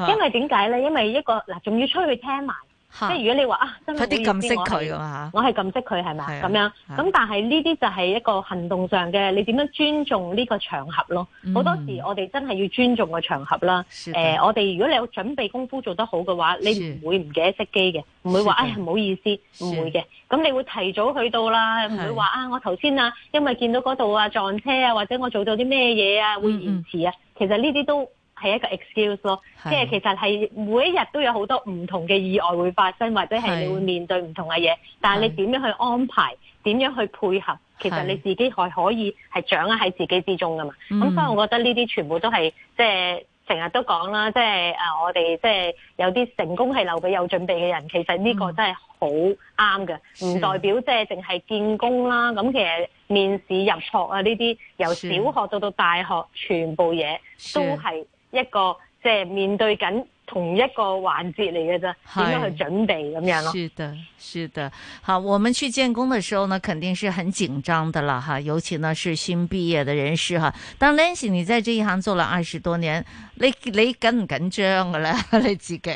因為點解咧？因為一個嗱，仲要出去聽埋。即係如果你話啊，真係要啲我係、啊、我係撳熄佢係咪啊咁樣？咁、啊、但係呢啲就係一個行動上嘅，你點樣尊重呢個場合咯？好、嗯、多時我哋真係要尊重個場合啦。誒、呃，我哋如果你有準備功夫做得好嘅話，你唔會唔記得熄機嘅，唔會話唉唔好意思，唔會嘅。咁你會提早去到啦，唔會話啊我頭先啊，因為見到嗰度啊撞車啊，或者我做到啲咩嘢啊會延遲啊。嗯嗯，其實呢啲都係一個 excuse 咯，即係其實係每一日都有好多唔同嘅意外會發生，或者係你會面對唔同嘅嘢。但係你點樣去安排，點樣去配合，其實你自己係可以係掌握喺自己之中噶嘛。咁、嗯嗯、所以我覺得呢啲全部都係即係成日都講啦，即係、啊、我哋即係有啲成功係留俾有準備嘅人。其實呢個真係好啱嘅，唔代表即係淨係見工啦。咁其實面試入學啊呢啲，由小學到到大學，全部嘢都係。一個即係、就是、面對緊同一個環節嚟嘅啫，點樣去準備咁樣咯？是的，是的。好，我們去建工的時候呢，肯定是很緊張的啦，尤其呢是新畢業的人士哈。但 Lancy，你在這一行做了二十多年，你你緊唔緊張㗎、啊、咧？ 你自己？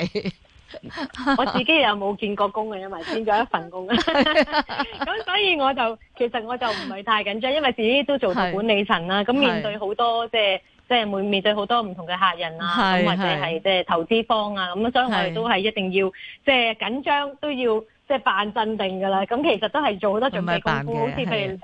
我自己又冇見過工嘅，因為先咗一份工。咁 所以我就其實我就唔係太緊張，因為自己都做到管理層啦，咁面對好多是即係。即、就、係、是、會面對好多唔同嘅客人啊，咁或者係即係投資方啊，咁所以我哋都係一定要即係緊張，都要即係扮鎮定㗎啦。咁其實都係做好多準備功夫，的好似譬如，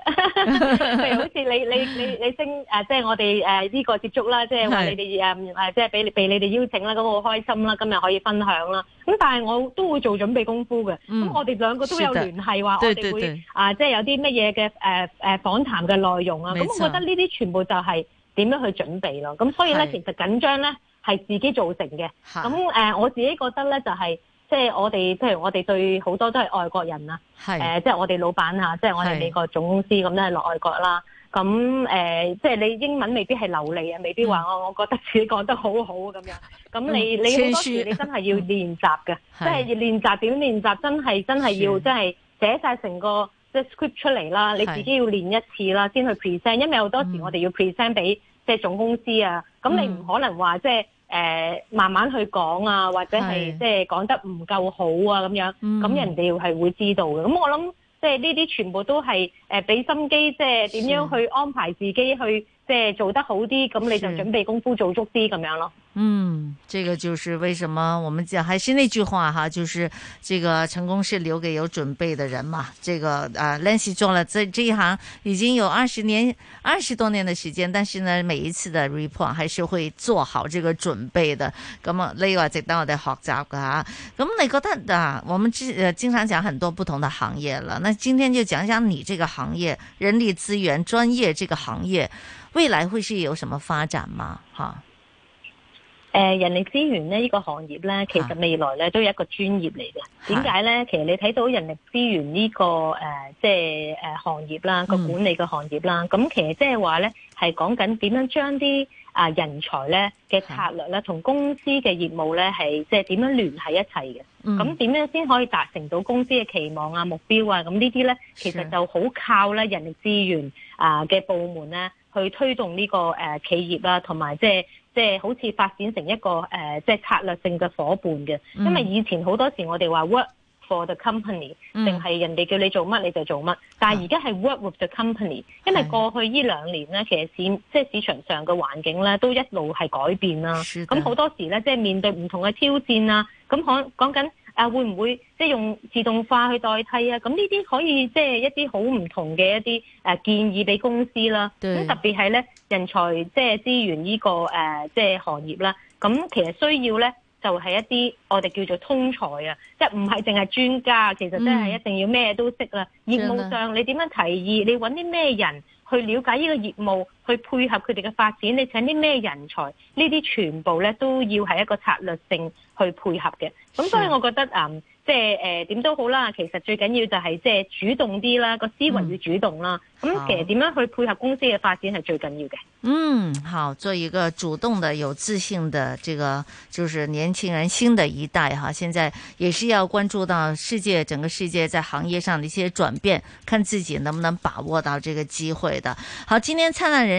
譬 如好似你你你你升誒，即、啊、係、就是、我哋誒呢個接觸啦，即係話你哋誒誒，即係俾俾你哋邀請啦，咁好開心啦，今日可以分享啦。咁但係我都會做準備功夫嘅。咁、嗯、我哋兩個都有聯繫話，我哋會對對對啊，即、就、係、是、有啲乜嘢嘅誒誒訪談嘅內容啊。咁我覺得呢啲全部就係、是。點樣去準備咯？咁所以咧，其實緊張咧係自己造成嘅。咁誒、嗯呃，我自己覺得咧就係、是、即係我哋，譬如我哋對好多都係外國人啊。係誒、呃，即係我哋老闆啊，即係我哋美國總公司咁咧，落外國啦。咁、嗯、誒、呃，即係你英文未必係流利啊，未必話我、嗯，我覺得自己講得好好咁樣。咁、嗯、你你好多時你真係要練習嘅，即係要練習點 練習，真係真係要即係寫晒成個即係 script 出嚟啦。你自己要練一次啦，先去 present，因為好多時我哋要 present 俾、嗯。即係總公司啊，咁你唔可能話即係誒慢慢去講啊，或者係即係講得唔夠好啊咁樣，咁、嗯、人哋係會知道嘅。咁我諗即係呢啲全部都係誒俾心機，即係點樣去安排自己去即係、呃、做得好啲，咁你就準備功夫做足啲咁樣咯。嗯，這個就是為什麼我們講還是那句話哈，就是這個成功是留給有準備的人嘛。這個啊 Lancy 做了這這一行已經有二十年、二十多年的時間，但是呢，每一次的 report 還是會做好這個準備的。咁啊，呢個值得我哋學習啊哈。咁你覺得啊，我們之呃經常講很多不同的行業了，那今天就講講你這個行業——人力資源專業這個行業，未來會是有什麼發展嗎？哈。誒、呃，人力資源咧呢個行業咧，其實未來咧、啊、都有一個專業嚟嘅。點解咧？其實你睇到人力資源呢、這個誒，即係誒行業啦，個管理嘅行業啦。咁、嗯嗯嗯、其實即係話咧，係講緊點樣將啲啊人才咧嘅策略咧，同公司嘅業務咧係即係點樣聯繫一齊嘅。咁、嗯、點樣先可以達成到公司嘅期望啊目標啊？咁呢啲咧，其實就好靠咧人力資源啊嘅部門咧去推動呢個誒企業啦，同埋即係。即、就、係、是、好似發展成一個誒，即、呃、係、就是、策略性嘅伙伴嘅。因為以前好多時我哋話 work for the company，淨、嗯、係人哋叫你做乜你就做乜、嗯。但係而家係 work with the company。因為過去呢兩年咧，其實市即係、就是、市場上嘅環境咧，都一路係改變啦。咁好多時咧，即、就、係、是、面對唔同嘅挑戰啦、啊。咁、嗯、可講緊。啊，會唔會即係用自動化去代替啊？咁呢啲可以即係一啲好唔同嘅一啲誒、啊、建議俾公司啦。咁特別係咧，人才即係資源呢、這個誒、啊、即係行業啦。咁其實需要咧就係、是、一啲我哋叫做通才啊，即係唔係淨係專家，其實真係一定要咩都識啦、嗯。業務上你點樣提議？你搵啲咩人去了解呢個業務？去配合佢哋嘅發展，你請啲咩人才？呢啲全部咧都要係一個策略性去配合嘅。咁所以我覺得，啊即係誒點都好啦，其實最緊要就係即係主動啲啦，個思維要主動啦。咁其實點樣去配合公司嘅發展係最緊要嘅。嗯，好，做一個主動的、有自信的，這個就是年輕人新的一代哈。現在也是要關注到世界整個世界在行業上的一些轉變，看自己能不能把握到這個機會的。好，今天燦爛人。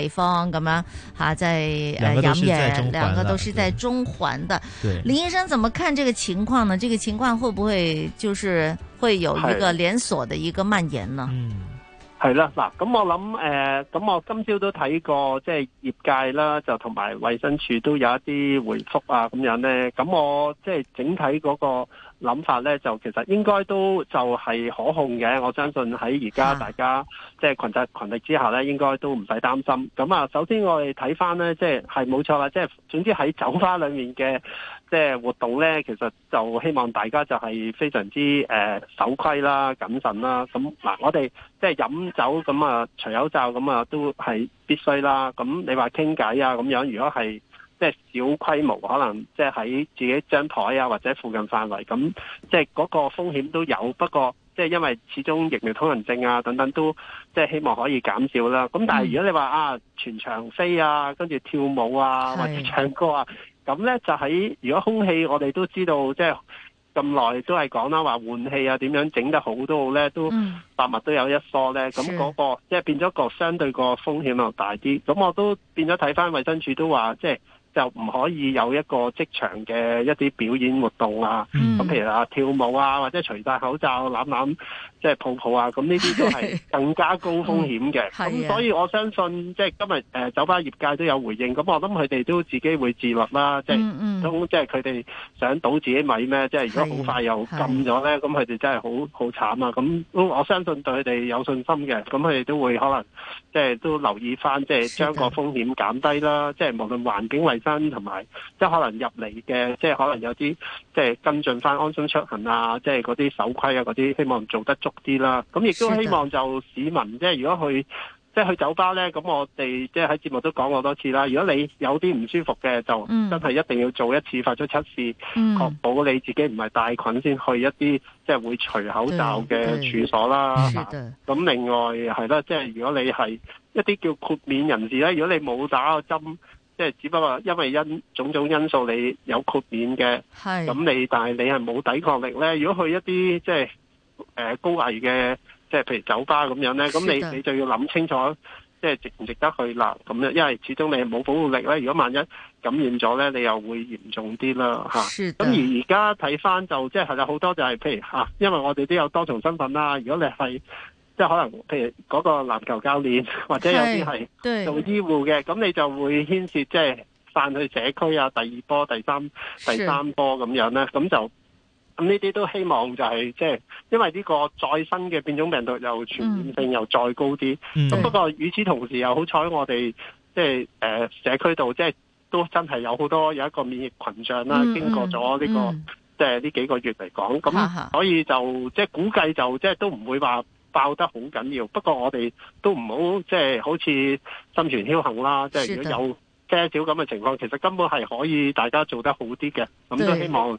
北方咁樣，喺、啊、在誒、揚言、啊呃呃、兩個都是在中環的。對，林醫生，怎麼看這個情況呢？這個情況會不會就是會有一個連鎖的一個蔓延呢？嗯，係啦，嗱，咁我諗誒，咁我今朝都睇過，即、就、係、是、業界啦，就同埋衛生處都有一啲回覆啊，咁樣咧，咁我即係整體嗰、那個。諗法咧就其實應該都就係可控嘅，我相信喺而家大家即係群策群力之下咧，應該都唔使擔心。咁啊，首先我哋睇翻咧，即係係冇錯啦。即係總之喺酒吧裏面嘅即係活動咧，其實就希望大家就係非常之誒、呃、守規啦、謹慎啦。咁嗱，我哋即係飲酒咁啊，除口罩咁啊都係必須啦。咁你話傾偈啊咁樣，如果係～即、就、係、是、小規模，可能即係喺自己張台啊，或者附近範圍咁，即係嗰個風險都有。不過，即係因為始終疫苗通人證疫苗通行證啊等等，都即係希望可以減少啦。咁但係如果你話啊，全場飛啊，跟住跳舞啊，或者唱歌啊，咁呢，那就喺如果空氣我哋都知道，即係咁耐都係講啦，話換氣啊點樣整得好都好呢，都百密、嗯、都有一疏呢。咁嗰、那個即係、就是、變咗個相對個風險又大啲。咁我都變咗睇翻衛生署都話即係。就是就唔可以有一個職場嘅一啲表演活動啊，咁、嗯、譬如啊跳舞啊，或者除戴口罩攬攬即係抱抱啊，咁呢啲都係更加高風險嘅。咁、 嗯、所以我相信即係、就是、今日誒、呃、酒吧業界都有回應，咁我諗佢哋都自己會自律啦、啊。即、就、係、是，即係佢哋想倒自己米咩？即係如果好快又禁咗咧，咁佢哋真係好好慘啊！咁我相信對佢哋有信心嘅，咁佢哋都會可能即係、就是、都留意翻，即係將個風險減低啦。即係、就是、無論環境為。翻同埋即係可能入嚟嘅，即係可能有啲即係跟進翻安心出行啊，即係嗰啲守規啊嗰啲，希望做得足啲啦。咁亦都希望就市民即係如果去即係去酒吧咧，咁我哋即係喺節目都講過多次啦。如果你有啲唔舒服嘅，就真係一定要做一次快速測試，確、嗯、保你自己唔係帶菌先去一啲即係會除口罩嘅處所啦。咁另外係啦，即係如果你係一啲叫豁免人士咧，如果你冇打個針。即係只不過因為因種種因素你有豁免嘅，咁你但係你係冇抵抗力咧。如果去一啲即係誒、呃、高危嘅，即係譬如酒吧咁樣咧，咁你你就要諗清楚，即係值唔值得去啦。咁咧，因為始終你冇保護力咧。如果萬一感染咗咧，你又會嚴重啲啦。嚇、啊！咁而而家睇翻就即係係啦，好多就係、是、譬如嚇、啊，因為我哋都有多重身份啦。如果你係即係可能，譬如嗰個籃球教練，或者有啲係做醫護嘅，咁你就會牽涉即係、就是、散去社區啊，第二波、第三、第三波咁樣啦，咁就咁呢啲都希望就係即係，因為呢個再生嘅變種病毒又傳染性又再高啲。咁、嗯、不過與此同時，又好彩我哋即係誒社區度，即、就、係、是、都真係有好多有一個免疫群像啦、嗯，經過咗呢、這個即係呢幾個月嚟講，咁、啊、所以就即係、就是、估計就即係、就是、都唔會話。爆得好緊要，不過我哋都唔、即係、好即係好似心存僥倖啦。 即係如果有少少咁嘅情況，其實根本係可以大家做得好啲嘅。咁都希望。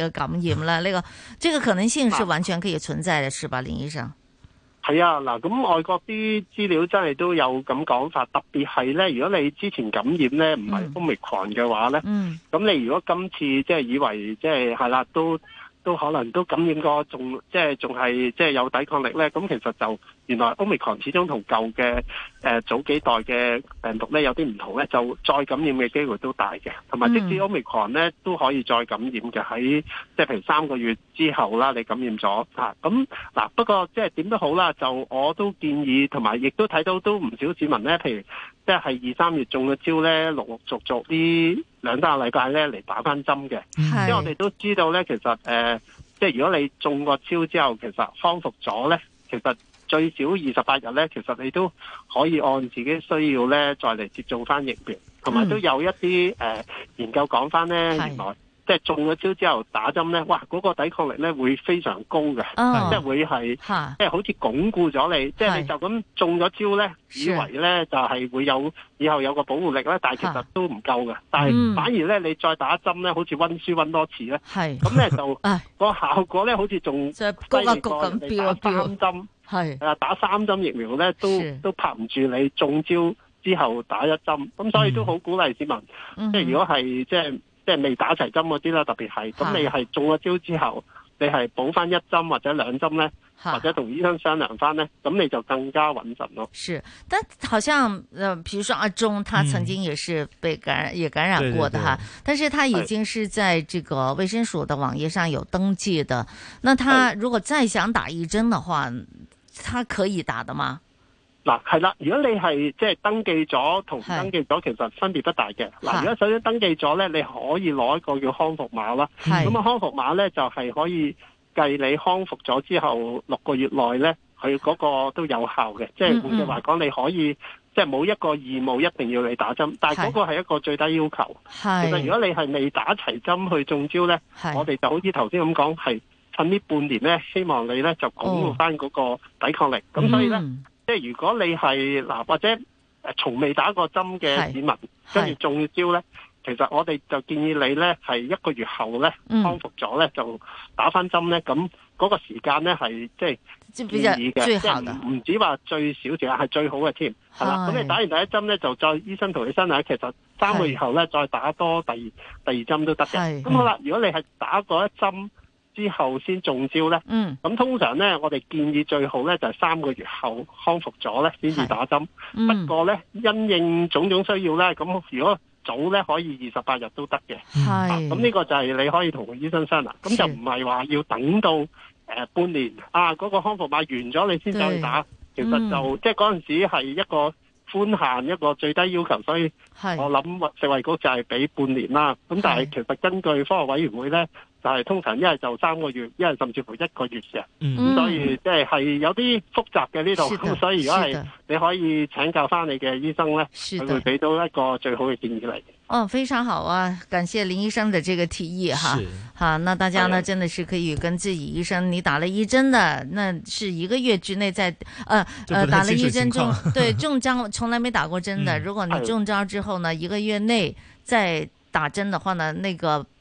個感染啦，呢、這個，這個可能性是完全可以存在的，啊、是吧，林醫生？係啊，嗱，咁外國啲資料真係都有咁講法，特別係呢，如果你之前感染呢唔係 Omicron 嘅話咧，咁、嗯、你如果今次即係以為即係係啦都。都可能都感染過，仲即係仲係即係有抵抗力咧。咁其實就原來 Omicron 始終同舊嘅誒早幾代嘅病毒咧有啲唔同咧，就再感染嘅機會都大嘅。同埋即使 Omicron 咧都可以再感染嘅，喺即係譬如三個月之後啦，你感染咗咁嗱。不過即係點都好啦，就我都建議同埋亦都睇到都唔少市民咧，譬如。即係二三月中嘅招咧，陸陸續續呢兩三個禮拜咧嚟打翻針嘅。因為我哋都知道咧，其實誒、呃，即係如果你中個招之後，其實康復咗咧，其實最少二十八日咧，其實你都可以按自己需要咧，再嚟接種翻疫苗，同埋都有一啲誒、呃、研究講翻咧。即、就、係、是、中咗招之後打針咧，哇！嗰、那個抵抗力咧會非常高嘅、哦，即係會係，即係好似鞏固咗你。即係你就咁中咗招咧，以為咧就係、是、會有以後有個保護力咧，但係其實都唔夠嘅。但係反而咧、嗯，你再打針咧，好似溫書溫多次咧，咁咧就 個效果咧，好似仲即係高一高咁，打三針係啊，打三針疫苗咧都都拍唔住你中招之後打一針，咁、嗯、所以都好鼓勵市民，嗯、即係如果係即係。就是即係未打齊針嗰啲啦，特別係咁你係中咗招之後，你係補翻一針或者兩針咧，或者同醫生商量翻咧，咁你就更加穩陣咯。是，但好像，呃、譬如說阿鍾，他曾經也是被感染，嗯、也感染過的哈，但是他已經是在這個衛生署的網頁上有登記的，的。那他如果再想打一針的話，他可以打的嗎？嗱、啊，係啦，如果你係即係登記咗同唔登記咗，其實分別不大嘅。嗱、啊，如果首先登記咗呢，你可以攞一個叫康復碼啦。咁啊，康復碼呢，就係、是、可以計你康復咗之後六個月內呢，佢嗰個都有效嘅。即係換句話講，你可以即係冇一個義務一定要你打針，但係嗰個係一個最低要求。其實如果你係未打齊針去中招呢，我哋就好似頭先咁講，係趁呢半年呢，希望你呢就鞏固翻嗰個抵抗力。咁、哦、所以呢。嗯即係如果你係嗱，或者誒，從未打過針嘅市民，跟住中招咧，其實我哋就建議你咧，係一個月後咧，康復咗咧，就打翻針咧。咁嗰個時間咧，係即係建議嘅，即係唔唔止話最少，仲係最好嘅添，係嘛？咁你打完第一針咧，就再醫生同你商量，其實三個月後咧，再打多第二第二針都得嘅。咁好啦、嗯，如果你係打過一針。之後先中招呢，嗯，咁通常呢，我哋建議最好呢，就係、是、三個月後康復咗呢，先至打針。不過呢，因應種種需要呢，咁如果早呢，可以二十八日都得嘅。係咁呢個就係你可以同醫生商量。咁就唔係話要等到誒、呃、半年啊，嗰、嗰個康復碼完咗你先走去打。其實就、嗯、即係嗰陣時係一個寬限一個最低要求，所以我諗食衛局就係俾半年啦。咁但係其實根據科學委員會呢。就係通常一係就三個月，一係甚至乎一個月嘅、嗯，所以即係係有啲複雜嘅呢度，咁所以如果係你可以請教翻你嘅醫生咧，佢會俾到一個最好嘅建議嚟。哦，非常好啊，感謝林醫生的這個提議哈。哈、啊、那大家呢、哎，真的是可以跟自己醫生，你打了一針的，那是一個月之內再，呃呃，打了一針中， 對，中招，從來沒打過針的、嗯，如果你中招之後呢，哎、一個月內再打針的話呢，那個。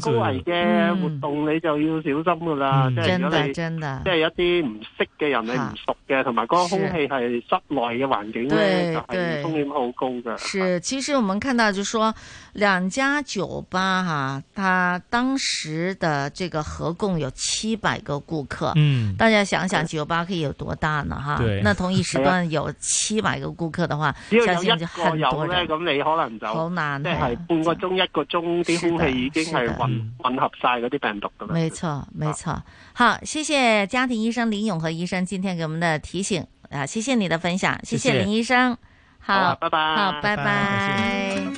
高危嘅活動，你就要小心噶啦，嗯，即係如果你真真即係一啲唔識嘅人，你唔熟嘅，同埋嗰個空氣係室內嘅環境咧，就係風險好高噶。是，是，是，其實我們看到，就說。兩家酒吧哈，他當時的這個合共有七百個顧客。嗯，大家想想，酒吧可以有多大呢？哈，對，那同一時段有七百個顧客的話，相信就很多人，那你可能。好難的，即係半個鐘、一個鐘，啲空氣已經係混是是混合晒嗰啲病毒咁啦。沒錯，沒錯，啊。好，謝謝家庭醫生林永和醫生今天給我們的提醒啊！謝謝你的分享，謝謝林醫生。謝謝，好，拜拜。好，好 bye bye 拜拜。